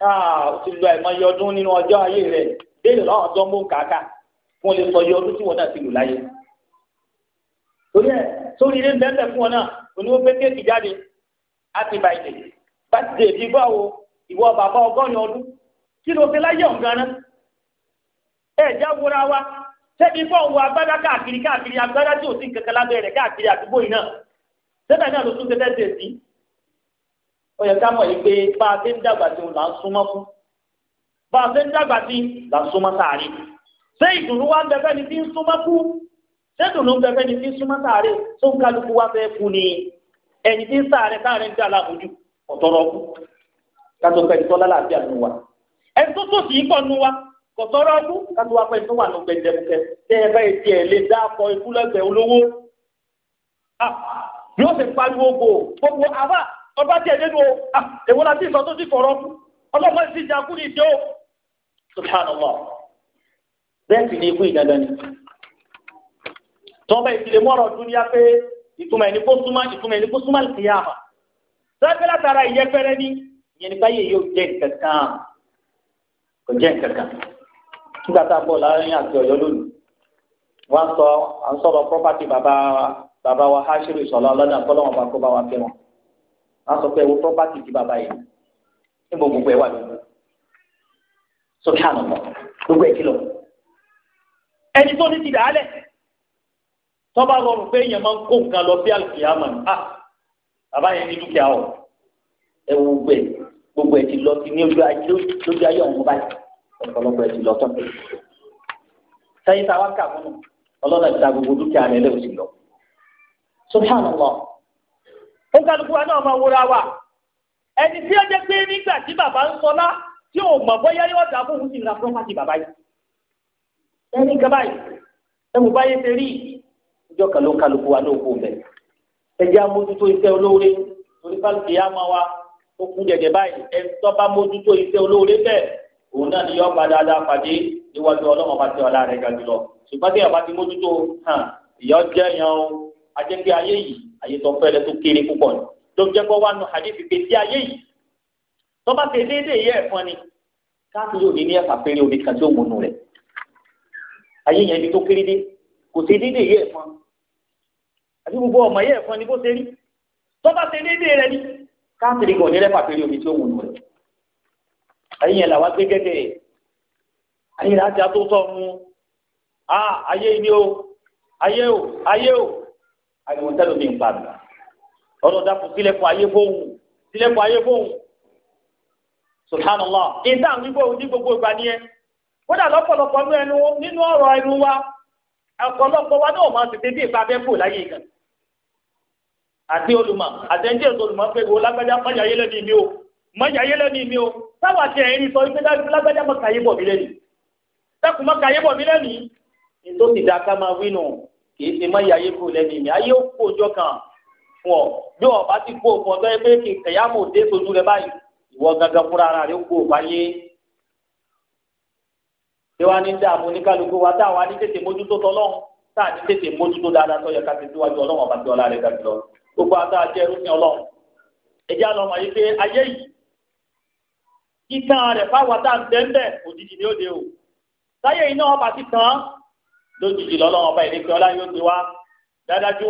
káà ah, o ti lo àìmọye ọdún nínú ọjọ́ ayé rẹ̀ déèlì láwọn ọjọ́ mú kàákà fún lè sọ iye ọdún tí wọn náà ti lò láyé. torí ẹ sórí ilé ńlẹ́ńlẹ̀ fún wọn náà oníwó pé kéèkì jáde happy birthday birthday bí báwo ìwọ bàbá ọgọ́rin ọdún kí ló fi láyé ọ̀gá náà. ẹ jáwóra wa sẹ́bi fọ́ wọ agbádá káàkiri káàkiri agbádá tí ò sí nǹkan kan lábẹ́ rẹ̀ káàkiri àdúgbò yìí náà sẹ́bẹ̀ náà ló tún ṣe tẹ́sẹ̀ sí. ó yẹ ká mọ̀ yìí pé bá a ṣe ń dàgbà sí òun là ń súnmọ́ fún bá a ṣe ń dàgbà sí là ń súnmọ́ sàárè ṣé ìdùnnú wa ń bẹ fẹ́ni tí ń súnmọ́ kú ṣé ìdùnnú ń bẹ fẹ́ni tí ń súnmọ́ sàárè tó ń kálukú wa fẹ́ kú ni ẹni tí ń sàárè sàárè ń dà láàbùjú ọ̀tọ̀rọ̀ kú kátó fẹ́ni tọ́lá láàbíà nu wa ẹni kọ̀tọ́rọ́ ọdún kátó wá pẹ́ tó wà ní gbẹ̀dẹ̀mùkẹ́ tẹ́ ẹ bá ètí ẹ̀ lè dá akọ ikú lẹ́gbẹ̀ẹ́ olówó. yóò sì pariwo gbò gbogbo àbá ọba tiẹ̀ nínú o èwo la ti sọ tó ti kọ̀rọ̀ kú ọlọ́mọ ti jà kú ní ìjọ o. subhanallah bẹ́ẹ̀ ni ikú ìdandan ni. tọ́ba ìdílé mọ́rọ̀ dúnìá pé ìtumọ̀ ẹni kó súnmọ́ ìtumọ̀ ẹni kó súnmọ́ kìyàmà. sẹ́fẹ́ látara ìyẹ́fẹ́rẹ́ ní ìyẹn nípa yìí yóò jẹ́ nǹkan kan kò jẹ́ nígbà tá a bọ̀ láàrin àti ọ̀yọ́ lónìí wọ́n sọ à ń sọ̀rọ̀ property bàbá bàbá wa Hashiru ìṣọ̀lá ọlọ́dún àtọ́lọ́wọ́n bá kó bá wa fẹ́ wọn wọ́n sọ pé ewu property ti bàbá yìí ní gbogbo ẹ̀ wà lónìí sókè àná mọ́ gbogbo ẹ̀ kìlọ̀ ẹni tó ní ti dà á lẹ̀ tọ́ba rọrùn pé èèyàn máa ń kó nǹkan lọ sí àlùkìyàmọ̀ ni ah bàbá yẹn ní dúkìá ọ̀ ẹ̀ wọ gbogbo ẹ̀ gbogbo ẹ̀ ti lọ sí ní ojú ayé ọ̀hún báyìí ọ̀pọ̀lọpọ̀ ẹ̀sìn lọ́tọ̀. sẹ́yìn tá a wá kà fún un ọlọ́dà ti ta gbogbo dúkìá rẹ̀ lẹ́wọ̀ sí lọ. subhanallah ó kálukú wa náà máa wúra wa ẹni tí ó jẹ́ pé nígbà tí bàbá ń sọlá tí ò mọ̀ bóyá yóò dà fún òun sì ra pọ́pátì bàbá yìí. ẹni kan báyìí ẹ̀wù báyé ti rí ìjọ kan ló kálukú wa ló kó bẹ̀. ẹ jẹ́ amójútó iṣẹ́ olóore orí fálùkì yá máa wa ó kún jẹ̀jẹ̀ báyìí ẹ̀ tọ́ bá mójútó iṣẹ́ olóore bẹ́ẹ̀ òun náà ni yọ̀ọ́ padà dá pàdé níwájú ọlọ́mọ bá ti ọ̀la rẹ̀ ga jùlọ ṣùgbọ́n tí ọba ti mójútó hàn ìyá jẹ́ yan o ajẹ́ pé ayé yìí ayé tó fẹ́ lẹ́ tó kéré púpọ̀ ni tó jẹ́ pé wọ́n á nu hadithi pé tí ayé yìí tó bá ṣe déédéé yẹ ẹ̀fọn ni káàkiri òní ní ẹ̀fà péré omi kan tí ó múnú rẹ̀ ayé yẹn ni tó kéré dé kò ṣe déédéé yẹ ẹ̀fọn àti gbogbo ọmọ yẹ ẹ̀fọn ni bó ṣe rí tó bá ṣe déédéé rẹ̀ ni káàkiri kò ní ẹ̀fà péré omi tí ó múnú rẹ̀ ẹ̀yìn ẹ̀ làwọn gbé gẹ́gẹ́ ayé rẹ̀ ajá tó tọ̀ mu a ayé ni o ayé o ayé o àgbẹ̀wò tẹ́lẹ̀ mi ń pa mi ọlọ́dà kò sílẹ̀kùn ayé fóun sílẹ̀kùn ayé fóun subhanallah ìta àwọn igbó ní gbogbo ìgbà nìyẹn kódà lọ́pọ̀lọpọ̀ nínú ọ̀rọ̀ ẹnu wa ọ̀pọ̀lọpọ̀ wa náà máa tètè bí ìpa bẹ́ẹ̀ kò láyé ìgbà àti olùmọ̀ àtẹ̀jẹ́ olùmọ̀ pé wo lágbájá pàjáyé lẹ́bi mi o mọ̀jà yé lẹ́nu mi o sábà tí ẹ̀yin sọ pé lágbájá mọ̀ káyé bọ̀ mí lẹ́nu dákun mọ̀ káyé bọ̀ mí lẹ́nu nítorí dàka máa wí nù kì í ṣe mọ̀ ìyá yé kú lẹ́nu mi ayé ó kó ọjọ́ kan fún ọ bí ọba ti kó òfin ọjọ́ pé kì í kẹ̀yà mò dé sojú rẹ báyìí ìwọ gangan fúnra ara rẹ kó òfin ayé ṣé wàá ní dààmú oníkálukú wa táwa ní tètè mójútó tọlọ́run táà ní tètè mójútó dáadáa tó yẹ ká ti síwájú ọlọ́run pé ayé yìí ìtàn rẹ̀ fáwọn tá à ń tẹ́ńbẹ̀ òjijì ni ó de o sáyé iná ọba ti tán lójijì lọ́lọ́run ọba ìdíkẹ́ ọlá yóò ti wá dáadájú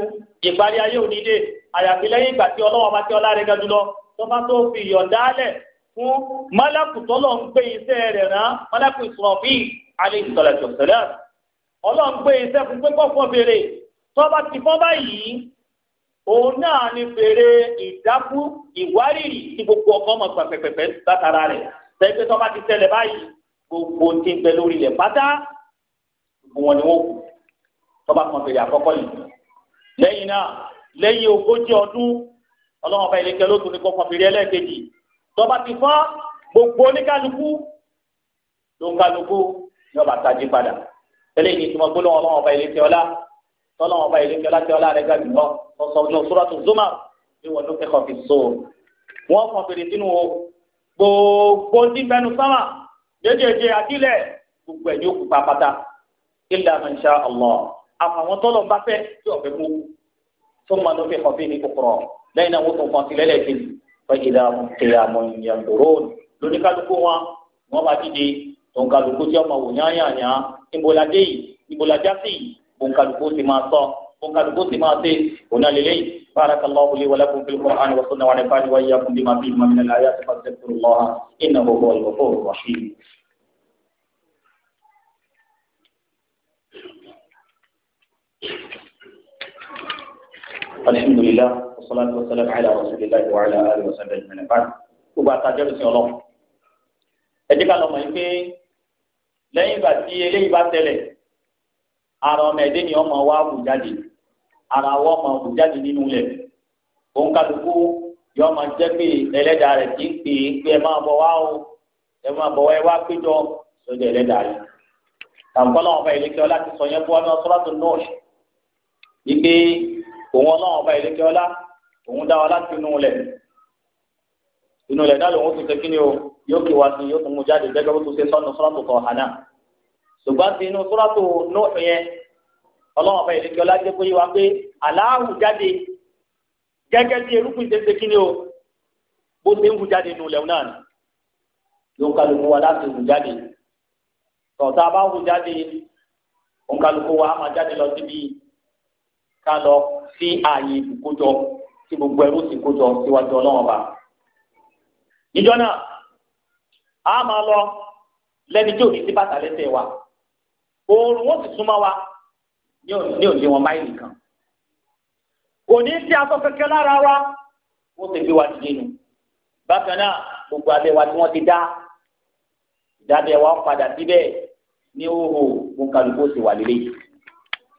ìparí ayé òní dé àyàfi lẹ́yìn ìgbà tí ọlọ́wọ́ bá tí ọlá rẹ̀ ga jùlọ tó bá tó fi ìyọ̀ǹda lẹ̀ fún mọ́lẹ́kù tó lọ́n gbé iṣẹ́ rẹ̀ rán mọ́lẹ́kù Israfil alayhi salatu wassalam ọlọ́n gbé iṣẹ́ fún pé kọ́kọ́ béèrè tó bá ti òun náà ni fèrè ìdákú ìwárìrì tí gbogbo ọkọ ọmọ gbà pẹpẹpẹ látara rẹ tẹgbẹ tó bá ti ṣẹlẹ̀ báyìí gbogbo ti ń bẹ lórí ilẹ̀ pátá gbogbo wọn ni wọn kù tó bá kan fèrè àkọ́kọ́ yìí lẹ́yìn náà lẹ́yìn ogójì ọdún Ọlọ́run ọba ìlẹkẹ ló tún ní kó kan fèrè ẹlẹ́ẹ̀kejì tó bá ti fọ gbogbo oníkálukú ló ń kálukú yọba tají padà eléyìí ni ìtumọ̀ gbólóhùn Ọlọ́run ọba ìlẹkẹ ọlá tọ́lọ́mọ ọba ìlú kẹlá tí ọlá rẹ̀ gbà jùlọ sọ̀sọ̀ ní suratu Zumar ní wọn ló kẹ́kọ̀ọ́ fi so wọn kàn fèrè sínú o gbogbo ti fẹnu sáwà jẹjẹjẹ àtìlẹ gbogbo ẹ̀ yóò pupa pátá illa man sha Allah àfàwọn tọ́lọ̀ bá fẹ́ tí ọ̀fẹ́ mú thumma nufikha fihi ukhra lẹ́yìn náà wọ́n tún fọ́n sílẹ̀ lẹ́ẹ̀kejì fa idha hum qiyamun wọn wọn bá dìde tó ń kálukú tí ọmọ wò nyányányá ìbòlájẹ́ yìí òǹkàlùkù sì máa sọ òǹkàlùkù sì máa ṣe òun náà lélẹ́yìn barakallahu li wa lakum fil qur'ani wa sunna wa nafa'ani wa iyyakum bima fihi min al-ayati fastaghfirullaha innahu huwal ghafurur rahim. alhamdulillah wasalaatu wasalaamu ala rasulillah wa ala alihi wa sahbihi ajma'in ba'd gbogbo àtàjọ ló sin Ọlọ́run ẹ jẹ́ ká lọ mọ̀ yín pé lẹ́yìn ìgbà tí eléyìí bá tẹ́lẹ̀ ara ọmọ ẹdẹ ni ọmọ wa wù jáde ara wọ ọmọ wù jáde nínú lẹ òǹkàlùkù yọ ọmọ jẹ pé ẹlẹ́dàá rẹ ti ń pè é pé ẹ máa bọ̀ wá o ẹ máa bọ̀ wá ẹ wá péjọ lọ́dọ̀ ẹlẹ́dàá rẹ tàǹkọ́lọ́ ọba ìlékè ọlá ti sọ yẹn fún ọdún ọsọ́látò nọ́ọ̀ṣì wípé òun ọlọ́run ọba ọlá òun dá wa láti inú lẹ̀ inú lẹ̀ náà lòun ti ṣe kí ni o yóò kí wa sí yóò tún mú jáde gẹ́gẹ́ bó tún ṣe sọ́nù ọsọ́látò kọ̀ọ̀hánà ṣùgbọ́n ti inú sọ́ràtò nóòtù yẹn ọlọ́wọ́n fẹ́ ìdíkẹ́ ọlájẹ́ pé wá pé aláhù jáde gẹ́gẹ́ bí erúkú ìṣẹ́ṣe kí ni o bó ṣe ń hù jáde nù lẹ́wọ̀n náà ló ń kálukú wa láti hù jáde tọ̀tà bá hù jáde ó ń kálukú wa á máa jáde lọ síbi ká lọ sí ààyè ìkójọ tí gbogbo ẹrú sì kójọ síwájú ọlọ́wọ́n bá ìjọ náà a máa lọ lẹ́ni tí ò ní sí bàtà lẹ́sẹ̀ wa oòrùn wọn sì súnmọ́ wa ní òní wọn máìlì kan kò ní sí aṣọ kẹkẹ lára wa ó ti gbé wa dìde nù bákan náà gbogbo abẹ wa tí wọn ti dá ìdábẹ wa padà síbẹ̀ ní òhò òǹkàlùkò sì wà lélẹ̀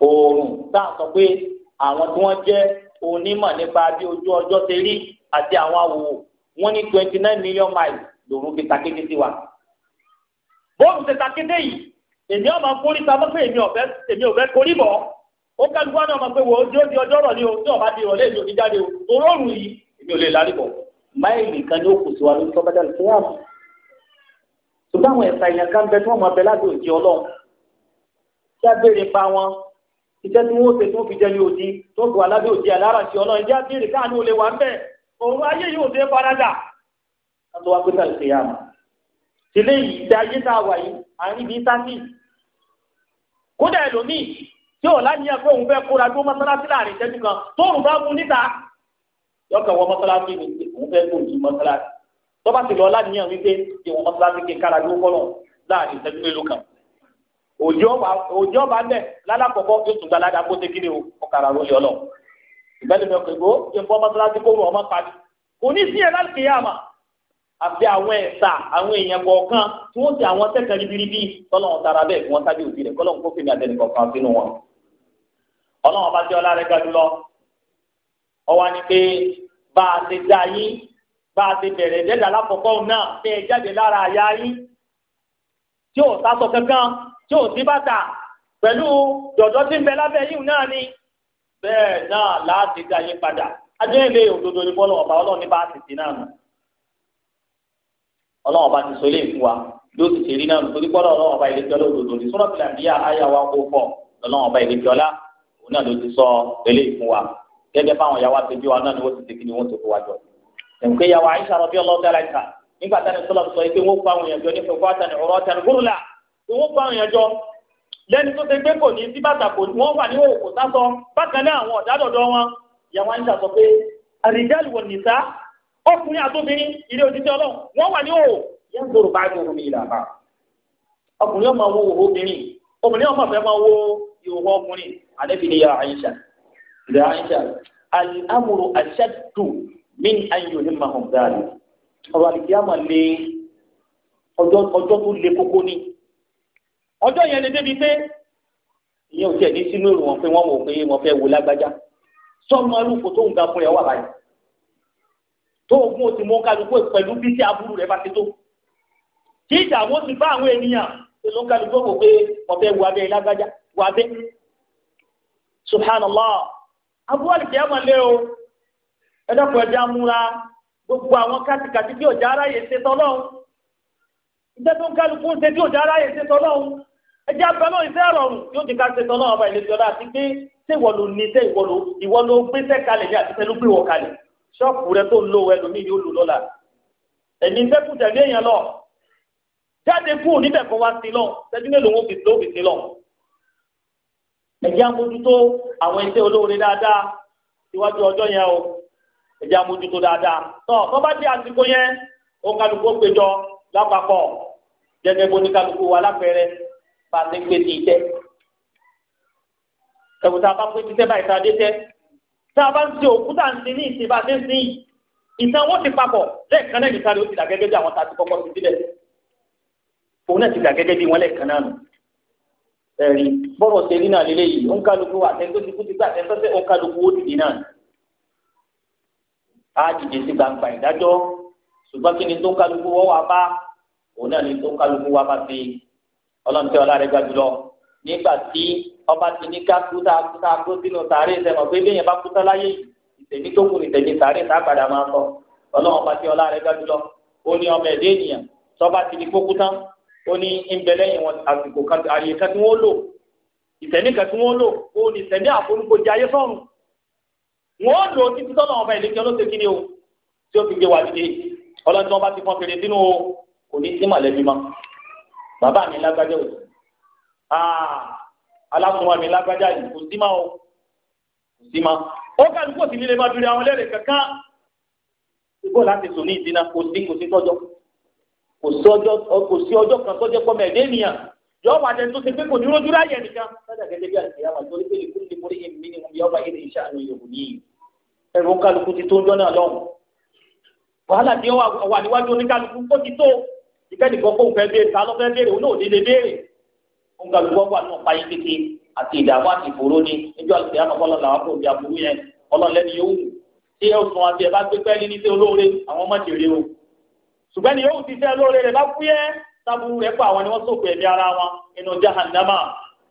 oòrùn tá à ń sọ pé àwọn tí wọn jẹ onímọ̀ nípa bí ojú ọjọ́ ti rí àti àwọn awòwò wọn ní twenty nine million miles lòun fi takété sí wa bóun ti takété yìí èmi ọmọ kórìí pamọ́ pé èmi ọ̀fẹ́ èmi ọ̀fẹ́ kórìí bọ̀ ó kálukú àná ọmọ pé wò ó jó di ọjọ́ rọ̀ ni o tí ọba di ìrọ̀lẹ́ èmi ò ní jáde o tó rọrùn yìí èmi ò lè lárí bọ̀ máìlì kan ni ó kù sí wa lórí tọ́gbádà lè fẹ́yà mọ́ ṣùgbọ́n àwọn ẹ̀ka ìyàn kan bẹ tí wọ́n mọ abẹ lábẹ́ òjì ọlọ́run kí á béèrè pa wọn iṣẹ́ tí wọ́n ṣe tí wọ́n fi jẹ́ ní òjì tó gbọ́ alábẹ́ òjì alára ti ọlọ́run jẹ́ àbẹ̀rẹ̀ káàní olè wà kódà ẹlòmíì tí ò láníyàn pé òun fẹ́ kóra tó mọ́sálásí láàrin ìṣẹ́jú kan tóòrùn bá mú níta yọkàn wọ mọ́sálásí ni òun fẹ́ tó ju mọ́sálásí tọ́ba ti lọ láníyàn wípé ìwọ̀n mọ́sálásí kí kára ló kọ́lọ̀ láàrin ìṣẹ́jú mélòó kan òjò bá bẹ̀ lálàkọ̀kọ́ yóò tún gbalada kó tẹ́ kíni o ọ̀kàrà ló lé ọlọ́ ìbẹ́lẹ̀ mi ò kéko ìfọwọ́ mọ́sálásí kó rùn ọmọ pàdé kò ní sí ẹ̀ láti kéyàmà àfi àwọn ẹ̀sà àwọn èèyàn kọ̀ọ̀kan tí wọ́n ti àwọn tẹ́kàn ribiribi tọ́lọ́run tara bẹ́ẹ̀ fún wọn sábẹ́ òbí rẹ̀ kọ́lọ́run kó fèmí àtẹnìkọ̀ kan sínú wọn. ọlọ́run bá tí ọlá rẹ̀ ga jùlọ ọwọ́ ni pé bá a ti dá yín bá a ti bẹ̀rẹ̀ dẹ́dà lákọ̀ọ́kọ́ náà tẹ́ ẹ jáde lára àyà yín tí ò sásọ kankan tí ò sí bàtà pẹ̀lú dọ̀dọ̀ tí ń bẹ lábẹ́ yìí náà ni bẹ́ẹ̀ náà láti dá yín padà adé ilé òdodo ni bọ́lọ̀ ọ̀bà ọlọ́run ní bá a ti sí náà nù ọlọ́run ọba ti sọ ilé ìfún wa ló ti ṣe rí náà nítorí gbọ́dọ̀ ọlọ́run ọba ilé ìjọlá òdòdó ní sọ́dọ̀ fìlà bíyà àyà wa kó pọ̀ ọlọ́run ọba ilé ìjọlá òun náà ló ti sọ ilé ìfún wa gẹ́gẹ́ báwọn ìyàwó àtẹ̀bí wa náà ni wọ́n ti tẹ̀kí ni wọ́n ti kó wa jọ. ẹ̀ǹkẹ́ ìyàwó àyíṣà rọ̀bí ọlọ́ọ̀dá nígbà táni sọlọ sọ pé wọn pa àwọn èèyàn jọ ní fẹfọ àtàní ọ̀rọ̀ àtàní gúrúlà wọn pa àwọn èèyàn jọ lẹni ọkùnrin àtòbìnrin ilé òtítọ́ ọlọ́run wọ́n wà ní òòrùn yẹn ń gbòòrò bá ju omi ìlà bá ọkùnrin ọmọ wo òhò obìnrin obìnrin ọmọ fẹ́ máa wo ìhòòhò ọkùnrin àdébìnrin ya àyíṣà ìdá àyíṣà alámùrò àṣàdù min ayò ní mahom dáàlì ọ̀rọ̀ àlìkíyàmà lé ọjọ́ tó le kókó ni ọjọ́ yẹn lè débi pé ìyẹn ò tiẹ̀ ní sínú èrò wọn pé wọ́n wò pé wọ́n fẹ́ wo lágbájá sọ́mọ́rú kò tó ń ga fún ẹ wà báyìí. tó ogun ó mú kálukú pẹ̀lú bí tí aburú rẹ̀ bá ti tó tí ìdààmú ti bá àwọn ènìyàn ló ń kálukú wò pé ọ̀bẹ wà bẹ́ẹ̀ lágbájá wà bẹ́ẹ̀ subhanallah abúlé àlùkìyàmọ̀ lé o ẹ dọ́kun ẹ̀dá múra gbogbo àwọn kátìkàtì ọjà tó ń kálukú ṣe ọjà abẹ́lẹ́ ká ṣe ọba ṣé ṣọ́ọ̀pù rẹ tó ń lò ẹlòmíì yóò lò lọ́la ẹ̀mí fẹ́kù tẹ̀lé èèyàn lọ jáde kúrò níbẹ̀ kan wá sí lọ ṣẹ́jú mélòó wọn fi ló fi sí lọ. ẹ̀jẹ̀ amójútó àwọn iṣẹ́ olóore dáadáa síwájú ọjọ́ yẹn o ẹ̀jẹ̀ amójútó dáadáa tọ́ tó bá dé àsìkò yẹn òǹkàlùkù ó péjọ lápapọ̀ gẹ́gẹ́ bó ní kálukú wa lápẹẹrẹ bá a ti gbé ti tẹ́ ẹ̀wùtà bá pé ti tẹ́ báyìí tá a bá ń ṣe òkúta ní ní ìsìn bá a ṣe ń sìn yìí ìtàn wọn ti papọ̀ lẹ́ẹ̀kan náà nìkan ló ti dà gẹ́gẹ́ bí àwọn tá a ti kọ́kọ́ ti sílẹ̀ òun náà ti dà gẹ́gẹ́ bí wọn lẹ́ẹ̀kan náà nù ẹ̀rí bọ́rọ̀ tẹ̀lé náà lélẹ́ yìí ó ń kálukú àtẹ̀tọ́ ti kú ti gbà àtẹ̀tọ́ sẹ́ ó ń kálukú ó dìde náà á dìde sí gbangba ìdájọ́ ṣùgbọ́n kí ni tó ń kálukú wọ́n wá bá òun náà ni tó ń kálukú wá bá fi ọlọ́mùtẹ́ ọlá rẹ̀ gbàdúrọ̀ nígbà tí ọba ti ní ká kú tá a kú tá a kú sínú sàárè sẹ́mọ̀ pé bí èèyàn bá kú tán láyé ìtẹ̀mí tó kù ìtẹ̀mí sàárè tá a padà máa sọ ọlọ́run ọba tí ọlá rẹ̀ gbá jùlọ ó ní ọmọ ẹ̀dẹ́ ènìyàn tọ́ba ti ní kókú tán ó ní ìbẹ̀ lẹ́yìn wọn àsìkò kan àyè kan tí wọ́n lò ìtẹ̀mí kan tí wọ́n lò ó ní ìtẹ̀mí àforúkọjì ayé sọ̀rùn wọ́n lò títí tọ́lọ̀ o tí ó fi gbé wa dìde ọlọ́run tí wọ́n bá o kò ní sí mọ̀lẹ́bí mọ́ bàbá mi lágbájá alákùnrin mi lágbájá yìí kò sí máa o kò sí máa ó kàdú kò sí nílé máa dúró àwọn ẹlẹ́rìí kankan ìbò láti sùn ní ìdínà kò sí kò sí tọ́jọ́ kò sí ọjọ́ kò sí ọjọ́ kan tó jẹ́ pọ́mọ ẹ̀dẹ́ ènìyàn yọ wà jẹ́ tó ṣe pé kò ní rojú ráyẹ̀ nìkan sọ́jà gẹ́gẹ́ bí àti ìyá torí pé ìkú ní mórí èmi ni wọn yọba èdè iṣẹ́ àwọn yòówù yìí ẹ̀rù kálukú ti tó ń jọ́nà lọ́hùn wàhálà tí wà níwájú oníkálukú ó ti tó ìkẹ́nìkan kó fẹ́ béèrè ta ló fẹ́ nǹkan wà nù payé kéke àti ìdààmú àti ìfòró ni níjọ́ àti ìyá mọ̀kọ́lọ́ làwọn kò di aburú yẹn ọlọ́lẹ́ni yóò wù tí yóò sùn àti ẹ̀ bá gbé pẹ́ẹ́lí ní sí olóore àwọn ọmọ jèrè o ṣùgbọ́n ni yóò ti sẹ́ olóore rẹ̀ bá fúyẹ́ sábúrú rẹ̀ pa àwọn ni wọ́n sòkò ẹ̀mí ara wọn inú jahannama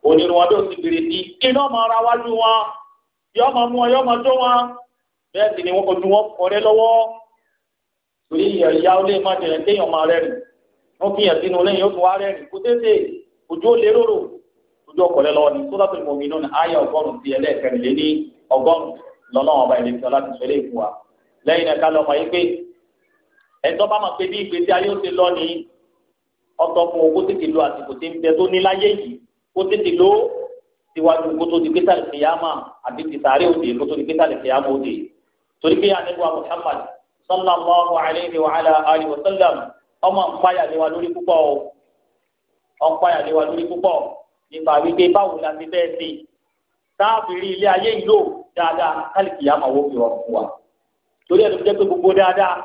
onírun wọn bí ó ti bèrè sí iná ọmọ ara wájú wọn yọ ọmọ mú wọn yọ ọmọ jó wọn bẹ́ẹ̀ sì ni ojú wọn kọ̀rẹ́ lọ́wọ́ torí ìyá ó má jẹ̀rẹ̀ kéèyàn máa rẹ́rìn-ín wọ́n fi hàn sínú lẹ́yìn ó tún wá rẹ́rìn-ín kó tètè ojú ó lé lóró ojú ọkọ̀lẹ́ lọ́wọ́ ní sódà tó lè mọ omi náà ayé ọgọ́rùn-ún ti ẹlẹ́ẹ̀kẹrin lé ní ọgọ́rùn-ún lọ́nà ọba ilé tí ọlá ti sọ eléyìí fún wa lẹ́yìn náà ká lọ mọ̀ yí pé ẹ̀tọ́ bá mọ̀ pé bí ìgbésí ayé ó ti lọ ní ọtọ́ fún owó tètè lo àsìkò tí ń bẹ tó ní láyé yìí ó tètè lo tiwájú kó tó di pété àlùfẹ́yàmà àti tìsàárẹ̀ òde kó tó di pété àlùfẹ́yàmà òde torí pé àdébùwà Muhammad sallallahu alayhi wa ala alihi wa sallam ọmọ nǹkpáyà ni wa lórí púpọ̀ ọ̀pá ìyàlẹ́wà lórí púpọ̀ nípa wípé báwo la ti fẹ́ ṣe táàbì rí ilé ayé ìlò dáadáa kálíkì yá màá wó fi ọ̀rọ̀ fún wa torí ẹ̀rọ jẹ́ pé gbogbo dáadáa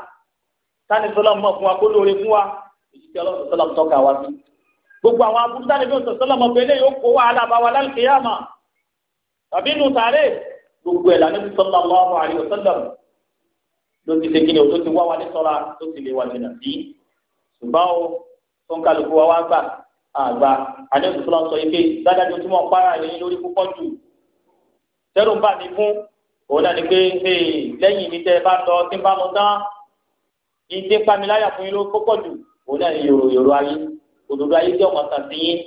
táni sọlá mọ̀ fún wa kó lóore fún wa ìṣiṣẹ́ ọlọ́run sọlá tọ́ka wa sí gbogbo àwọn aburú táni bí òṣèlú sọlá mọ̀ pé eléyìí ó kó wàhálà bá wa lálùkè yá mà tàbí inú sàárè gbogbo ẹ̀ lànà sọlá mọ̀ àríwọ̀ sọlá ló ti àgbà àdéhùn tó lọ sọ yìí pé dájájú tí wọ́n para ẹ̀yìn lórí púpọ̀ jù tẹ́rù ń bà mí fún òun náà ni pé lẹ́yìn mi tẹ́ ẹ bá lọ tí ń bá lọ tán ìdí pamiláyà fún yín ló púpọ̀ jù òun náà ni yòrò yòrò ayé òdòdó ayé tí ọmọ kan sí yín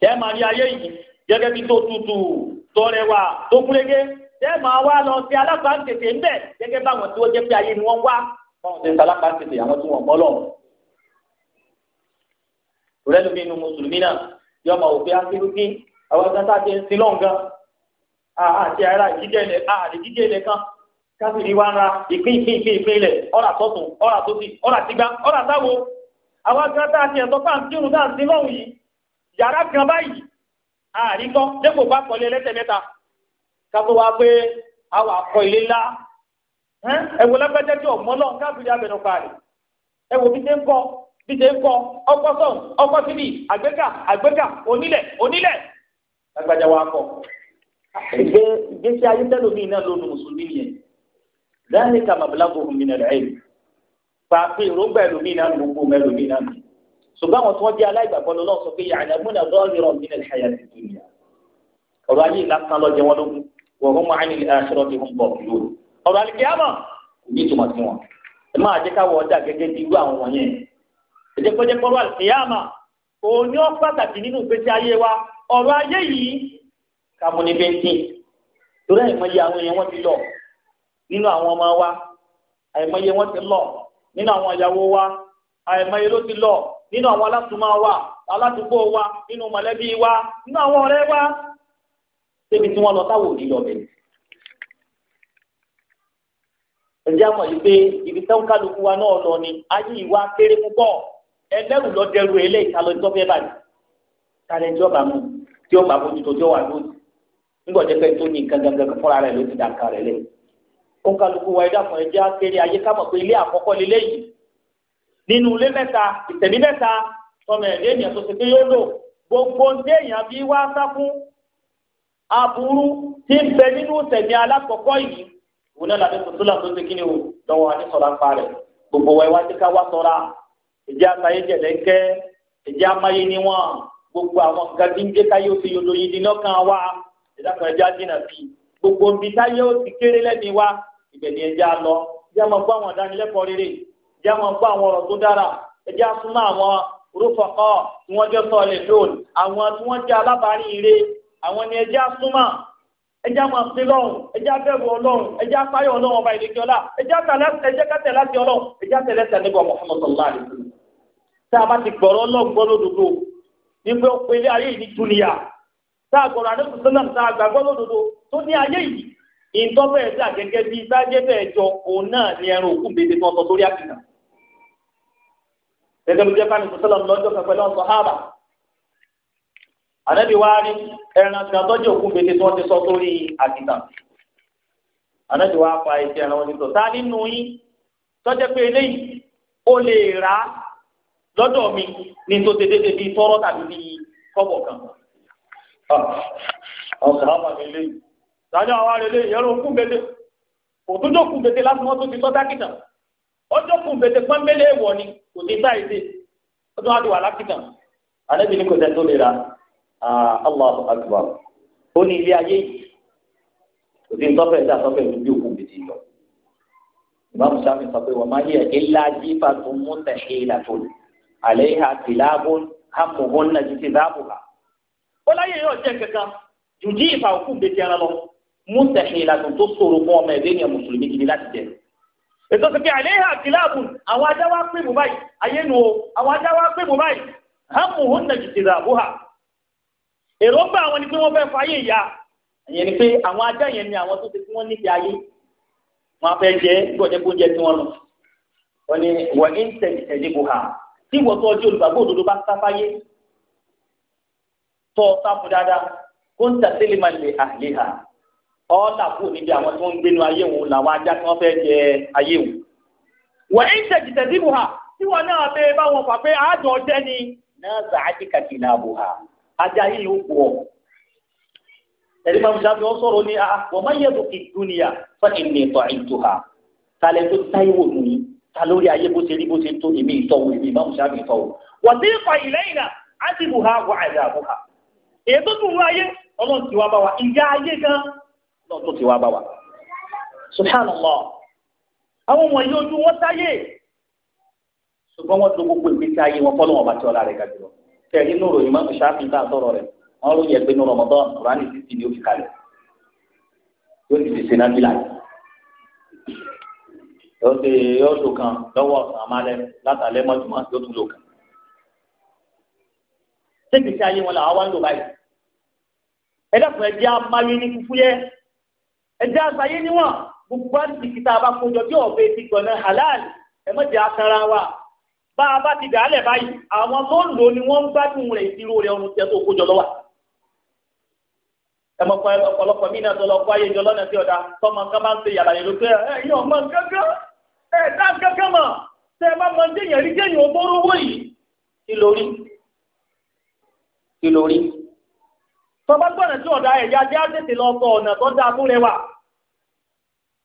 tẹ́ máa rí ayé yìí gẹ́gẹ́ bí tó tutù tó rẹwà tó kúrégé tẹ́ máa wá lọ sí alábàá tètè ń bẹ̀ gẹ́gẹ́ báwọn tí wọ́n jẹ́ pé ayé ni wọ́n wá báwọn ti ń tètè àwọn tí wọ́n mọ́ lọ́wọ́ òrẹ́lómi inú mùsùlùmí náà yọ ọmọ òfin akérúkí àwọn ọ̀gá tá a ti ń sin lọ́ǹgàn àti ara ìdíjẹ́lẹ̀ àdìdíjẹ́lẹ̀ kan káfíìrì wa ra ìpín ìpín ìpín ìpín ilẹ̀ ọ̀rà tọ̀tún ọ̀rà tòsì ọ̀rà tìgbà ọ̀rà táwo àwọn ọ̀gá tá a ti ẹ̀tọ́ pàǹtí irun tá a ń sin lọ́hùn yìí yàrá kan báyìí àríkọ́ dépò bá kọ́lé ẹlẹ́sẹ̀ mẹ́ta kátó wá pé àwọn akọ ilé ńlá ẹ̀wò lágbájá tí ọ̀mọ́ lọ́n káàkiri abẹnú parí ẹ̀wò bí ṣe ń kọ́ dídé kọ ọkọ sọ ọkọ síbi àgbékà àgbékà onílẹ̀ onílẹ̀ lágbájá wa kọ. ìgbé ìgbésí ayé tẹlomi náà ló nu mùsùlùmí yẹn láàrin kà màbúlágò min al-ilm pàápàá ìrógbà ẹlòmí náà gbogbo mẹlòmí náà mi ṣùgbọ́n àwọn tí wọ́n jẹ́ aláìgbàgbọ́ lọ́wọ́ sọ pé ya'lamuna zahiran min al-hayati dunya ọ̀rọ̀ ìjẹ́pẹ́jẹ́ pọ́lú àlùkìyàmà òní ó pàtàkì nínú ìgbésí ayé wa ọ̀rọ̀ ayé yìí kàmú ní bẹ́ńtì torí àìmọye àwọn èèyàn wọn ti lọ nínú àwọn ọmọ wa àìmọye wọn ti lọ nínú àwọn ìyàwó wa àìmọye ló ti lọ nínú àwọn alátùmọ̀ wa aládùúgbò wa nínú mọ̀lẹ́bí wa nínú àwọn ọ̀rẹ́ wa débi tí wọ́n lọ táwọn òní lọ bẹ̀rẹ̀. ẹ̀jẹ̀ àmọ̀ yìí pé ibi táwọn kálukú wa náà lọ ni ayé ìwà kéré púpọ̀ ẹlẹ́rù lọ dẹrù ẹlẹ́ ìkàlọ́ ìtọ́ fẹ́ báyìí kálẹ̀ tí ó bá mú tí ó bá bójútó tí ó wà lóòtù nígbà tó fẹ́ tó ní nǹkan gangan fúnra rẹ̀ ló ti dà nǹkan rẹ̀ lẹ̀ ó ń kálukú wa ẹ̀dá fún ẹja kéré ayé ká mọ̀ pé ilé àkọ́kọ́ lélẹ́ yìí nínú ilé mẹ́ta ìtẹ̀mí mẹ́ta tọmọ ẹ̀dẹ́ ènìyàn tó ti pé yóò lò gbogbo ndé èèyàn bí wá sá fún aburú tí ń bẹ nínú tẹ̀mí alákọ̀ọ́kọ́ yìí òun náà làbẹ́ tuntun làtó ti kí ni o lọ́wọ́ àti sọ̀rọ̀ apá gbogbo wa iwájú ká wá sọ̀rọ̀ ìjà àtàyè jẹ̀lẹ́kẹ́ ìjà amáyé níwọ̀n gbogbo àwọn nǹkan tí ń jẹ́ káyé òsì yòdò yìí di lọ́kàn wa ìdàkùn ẹja dínà sí gbogbo nbí táyé òsì kéré lẹ́mìí wa ibẹ̀ ni ẹja lọ ìjà máa gbọ́ àwọn ìdánilẹ́kọ̀ọ́ rere ìjà máa gbọ́ àwọn ọ̀rọ̀ tó dára ẹja súnmọ́ àwọn rúfọ̀kọ́ tí wọ́n jọ sọ lẹ́lọ́ọ̀lù àwọn tí wọ́n jẹ́ alábàárín ire àwọn ni ẹja súnmọ́ ẹja máa fi lọ́rùn ẹja bẹ̀rù ọlọ́run ẹja páyọ̀ ọlọ́run ọba ìdíkẹ́ ọlá ẹja láti ọlọ́run ẹja tẹ̀lẹ́sẹ̀ níbọ̀ Muhammadu sallallahu tá a bá ti gbọ̀rọ̀ lọ́gbọ́ lódodo nígbà ó pe ilé ayé yìí ní dúnìyà tá a gbọ̀rọ̀ àdéhùn sọ́nà tá a gbàgbọ́ lódodo tó ní ayé yìí ìtọ́fẹ́ ẹ̀sẹ̀ àgẹ́gẹ́ bíi sájẹ́ bẹ́ẹ̀ jọ òun náà ni ẹran òkú bèbè tó ń sọ sórí àkìnà. gẹ́gẹ́ bí jẹ́ká ní sọ́sọ́lọ́ lọ́jọ́ kan pẹ̀lú ọ̀sán hábà. ànábì wa rí ẹran kan tọ́jú òkú bèbè tó ń sórí àkìnà. ànábì wa pa iṣẹ́ lọ́dọ̀ mi ní tó dédé débi tọrọ tàbí bí kọ́bọ̀ kan. ọ̀sán ah, àwọn ilé yìí sáájú àwọn arẹlẹ ìyẹrọ kún bété kò tún jọ kún bété lásán wọn tó ti tọ́ dákítà ọjọ́ kún bété pọ́nbélé èèwọ̀ ni kò ní sáà ìdè ọdún wa ti wà lákìtà àlẹ́bí ni kò tẹ́ tó lè ra ah, Allahu akbar ó ní ilé ayé yìí kò sí tọ́fẹ̀ dá tọ́fẹ̀ ló bí òkú bété lọ ìmáàmù sáfì sọ pé wọ́n máa yẹ àléhà kìláàbù hàmùhún náà títí dáàbò ha. ó láyé yóò jẹ́ kankan jùjí ìfà òkú gbèsè ara lọ mùsàhìn ìlànà tó ṣòro fún ọmọ ẹ̀dẹ́ ènìyàn mùsùlùmí gidi láti jẹ. ètò ìsìnkú àléhà kìláàbù àwọn ajá wa pè mú báyìí ayé nu o àwọn ajá wa pè mú báyìí hàmùhún náà títí dáàbò ha. èròǹgbà àwọn ni pé wọ́n fẹ́ fàyè ìyá ìyẹn ni pé àwọn ajá yẹn ni àwọn tó ti fún wọn níbi ayé wọn fẹ́ jẹ́ gbọ́dọ̀ kó jẹ́ tí wọ́n lọ. wọ́n ní wọ́n ń tẹ̀lé tẹ̀lé ha tí ìwọ̀n tó ọjọ́ olùgbàgbọ́ òdodo bá sáfáyé tọ́ sáfù dáadáa kó ń tà sílẹ̀ máa lè àlè hà ọ́ làkú níbi àwọn tó ń gbénu ayé wọn làwọn ajá tí wọ́n fẹ́ jẹ ayé wọn. wọ́n ń tẹ̀jìtẹ̀ síbù hà tí wọ́n náà bẹ́ bá wọn fà pé àádọ́ jẹ́ ni náà sàájì kàkìlà àbò hà ajá yìí yóò pọ̀ ẹ̀rí máa ń sábẹ́ wọn sọ̀rọ̀ ní àwọn máa yẹ ta lórí ayé bó ṣe rí bó ṣe tó èmi ìtọ́wò èmi ìmáàmù sábì ìtọ́wò wọ́n ti fa ìlẹ́yìn náà á ti bù ha wọ àìdá àbò èyí tó dùn ayé ọlọ́run ti wá bá wa ìyá ayé gan náà tó ti wá bá wa subhanallah àwọn wọ̀nyí ojú wọn táyé ṣùgbọ́n wọ́n tó gbogbo ìgbésí ayé wọn fọ́lọ́wọ́n bá ti ọ̀la rẹ̀ gàdúrà kẹrin ní òròyìn máa ń ṣáàfin tá rẹ̀ wọ́n ló yẹ pé ní Ramadan Kùránì títí ni ó fi kalẹ̀ yóò ti ṣe náà bí láti yóò ṣe yóò lò kan lọ́wọ́ ọ̀sán amálẹ́ látàlẹ́ mọ́júmọ́ yóò tún lò kan. séèkì sí ayé wọn làwọn wá ń lò báyìí. ẹ dẹ́kun ẹ jẹ́ amáyé ní fúfú yẹ ẹ jẹ́ àṣàyé níwọ̀n gbogbo àdìsíkì tá a bá kójọ tí ọ̀bẹ ti gbọ̀nà halal ẹ mọ̀ jẹ́ akara wa bá a bá ti dàálẹ̀ báyìí àwọn tó ń lò ni wọ́n ń gbádùn rẹ̀ ìdíró rẹ̀ ọ̀run tiẹ̀ tó kójọ lọ́wọ́ ẹmọ kọ ọ̀pọ̀lọpọ̀ mí náà tó lọ kọ ayé jọ lọ́nà tí ọdá tọmọ nǹkan bá ń ṣe yàrá yẹlò pé ẹ yín ọmọ gángan ẹ dá gángan mọ tẹ ẹ bá mọ déyàn rí déyàn ọgbọrọ owó yìí kí lórí kí lórí. tọ́ba gbọ́nà tí ọ̀dà ẹ̀yà ajá tètè lọ sọ ọ̀nà tó dáa fún rẹwà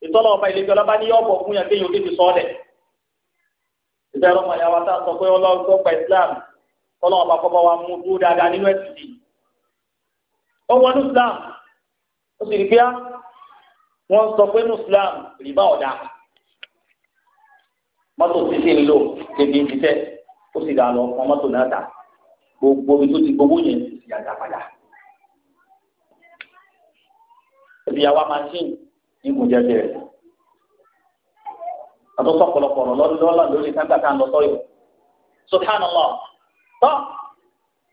ìtọ́lọ̀ ọba ìlẹ́jọ́ lọ́ba ní ọ̀bọ̀ fún yàn kéèyàn tètè sọ ọ́dẹ̀. ìbẹ̀rù ọmọ ìyàwó ọwọ́ ní islam ó sì rí bíá wọ́n sọ pé ní islam rìbá ọ̀dà mọ́tò títí ń lò débi ń ṣiṣẹ́ ó sì dà lọ fún mọ́tò náà tà gbogbo omi tó ti gbowó yẹn sì yà dá padà. ẹbí àwa ikùn jẹjẹ rẹ àtúntò ọ̀pọ̀lọpọ̀ ọ̀rọ̀ lọ́dún lọ́la lórí sáńgbà tá à ń lọ sọ́yọ̀ subhanallah tọ́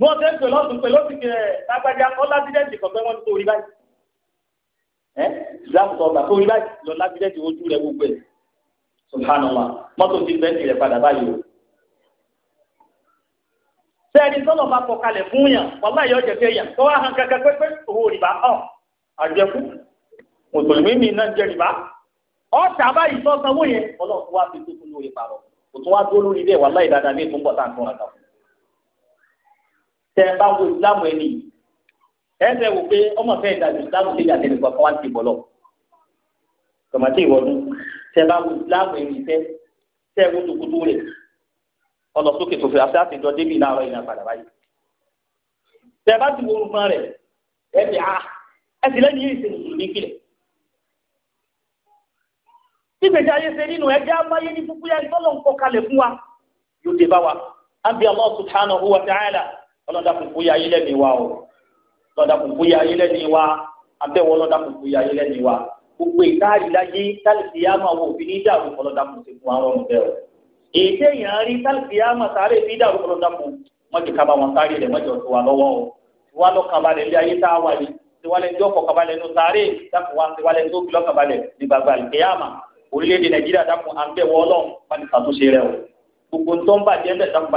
bí wọ́n ti ń pè lọ́sùn pé lọ́sùn kẹ lágbájá ọlábídẹ́ǹtì kan pé wọ́n ti torí báyìí ẹ́ láwùjọ ọgbà torí báyìí lọ lábídẹ́ǹtì ojú rẹ gbogbo ẹ̀ subhanallah mọ́tò ti bẹ́ǹtì rẹ padà báyìí o. sẹ́ẹ̀ni sọ́nà bá kọ kalẹ̀ fún yàn wàlá yọ jẹ́ fẹ́ yàn tó wá hàn kankan pé pé owó rìbá ọ̀ àjẹkù mùsùlùmí mi náà jẹ rìbá ọ̀ tàbá ìsọ̀sanwó yẹn ọlọ́run tó wá fi tó tẹ ẹ bá wo ìsìlámù ẹni ẹsẹ wò pé ọmọ fẹẹ dàbí ìsìlámù ṣe dàbí nìkan kan wá ti bọ lọ tòmátì ìwọdún tẹ ẹ bá wo ìsìlámù ẹni tẹ tẹ ẹ wo tòkútù rẹ ọlọ sókè tó fẹ àti àti ìjọ débì láàárọ̀ ìlànà padà báyìí tẹ ẹ bá ti wo orúkọ rẹ ẹ ti a ah, ẹ ti lẹ́yìn yìí ṣe mùsùlùmí kílẹ tígbèjà ayé ṣe nínú ẹjẹ amáyé ní fúfúyà ìtọ́lọ̀ ń kọ kalẹ̀ fún wa yóò dé bá wa àbí Allah subhanahu wa ta'ala ọlọ́dà kò kúyà ayé lẹ́nu wa o ọlọ́dà kò kúyà ayé lẹ́nu wa abẹ́wọ̀ ọlọ́dà kò kúyà ayé lẹ́nu wa gbogbo ìtaari láyé tálífìyàmà wo òfin ní dàrú ọlọ́dà kò fún àwọn ọ̀rùn èdè yẹn rí tálífìyàmà sáré fi dàrú ọlọ́dà kò wọ́n ti kaba wọn sáré rẹ̀ wọ́n jọ tó wa lọ́wọ́ o tiwa lọ kabalẹ̀ lé ayé tá a wà yìí tiwa ní ọkọ̀ kabalẹ̀ nù sáré dàpọ̀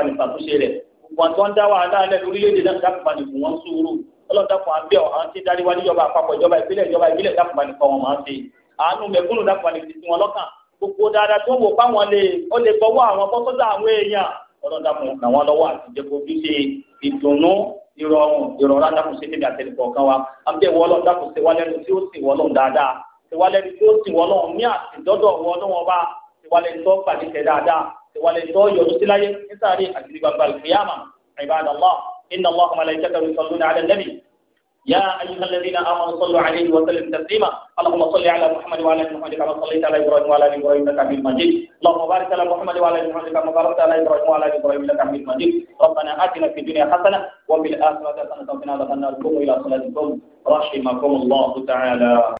wa tiwa ìwà tó ń dá wàhálà alẹ́ lórílẹ̀‐èdè náà dákùnbà nìkún wọn sùúrù ọlọ́dàkùn àbẹ́ àwọn tí darí wa níjọba àpapọ̀ ìjọba ìbílẹ̀ ìjọba ìbílẹ̀ dákùnbà nìkan wọn máa ń ṣe àánú mẹ̀kúnnù dákùnbà nìkan ti wọn lọ́kàn gbogbo dáadáa tó wò fáwọn lè ó lè bọ́wọ́ àwọn bọ́sọ́dọ̀ àwọn èèyàn ọlọ́dàkùn ràn wọ́n lọ́wọ́ àti ìjẹ́kọ̀ ojúṣe ìdùnnú ìrọ̀rùn ìrọ̀rùn adákùn ṣe níbi àtẹnukọ̀ kan wa àbẹ́ wọ́n lọ́dàkùn ṣe wálẹ́nu tí ó sì ìwàlẹ̀ tó pàdé tẹ̀ dáadáa ìwàlẹ̀ tó yọ̀dún sí láyé nísàárẹ̀ àti gbangba kìyàmà ibadallah inna allah malaikatahu yusalluna ala nabi يا أيها الذين آمنوا صلوا عليه وسلم تسليما اللهم صل على محمد وعلى آل محمد كما صليت على إبراهيم وعلى آل إبراهيم إنك حميد مجيد اللهم بارك على محمد وعلى آل محمد كما باركت على إبراهيم وعلى آل إبراهيم إنك حميد مجيد ربنا آتنا في الدنيا حسنة وفي الآخرة حسنة وقنا عذاب النار قوموا إلى صلاتكم رحمكم الله تعالى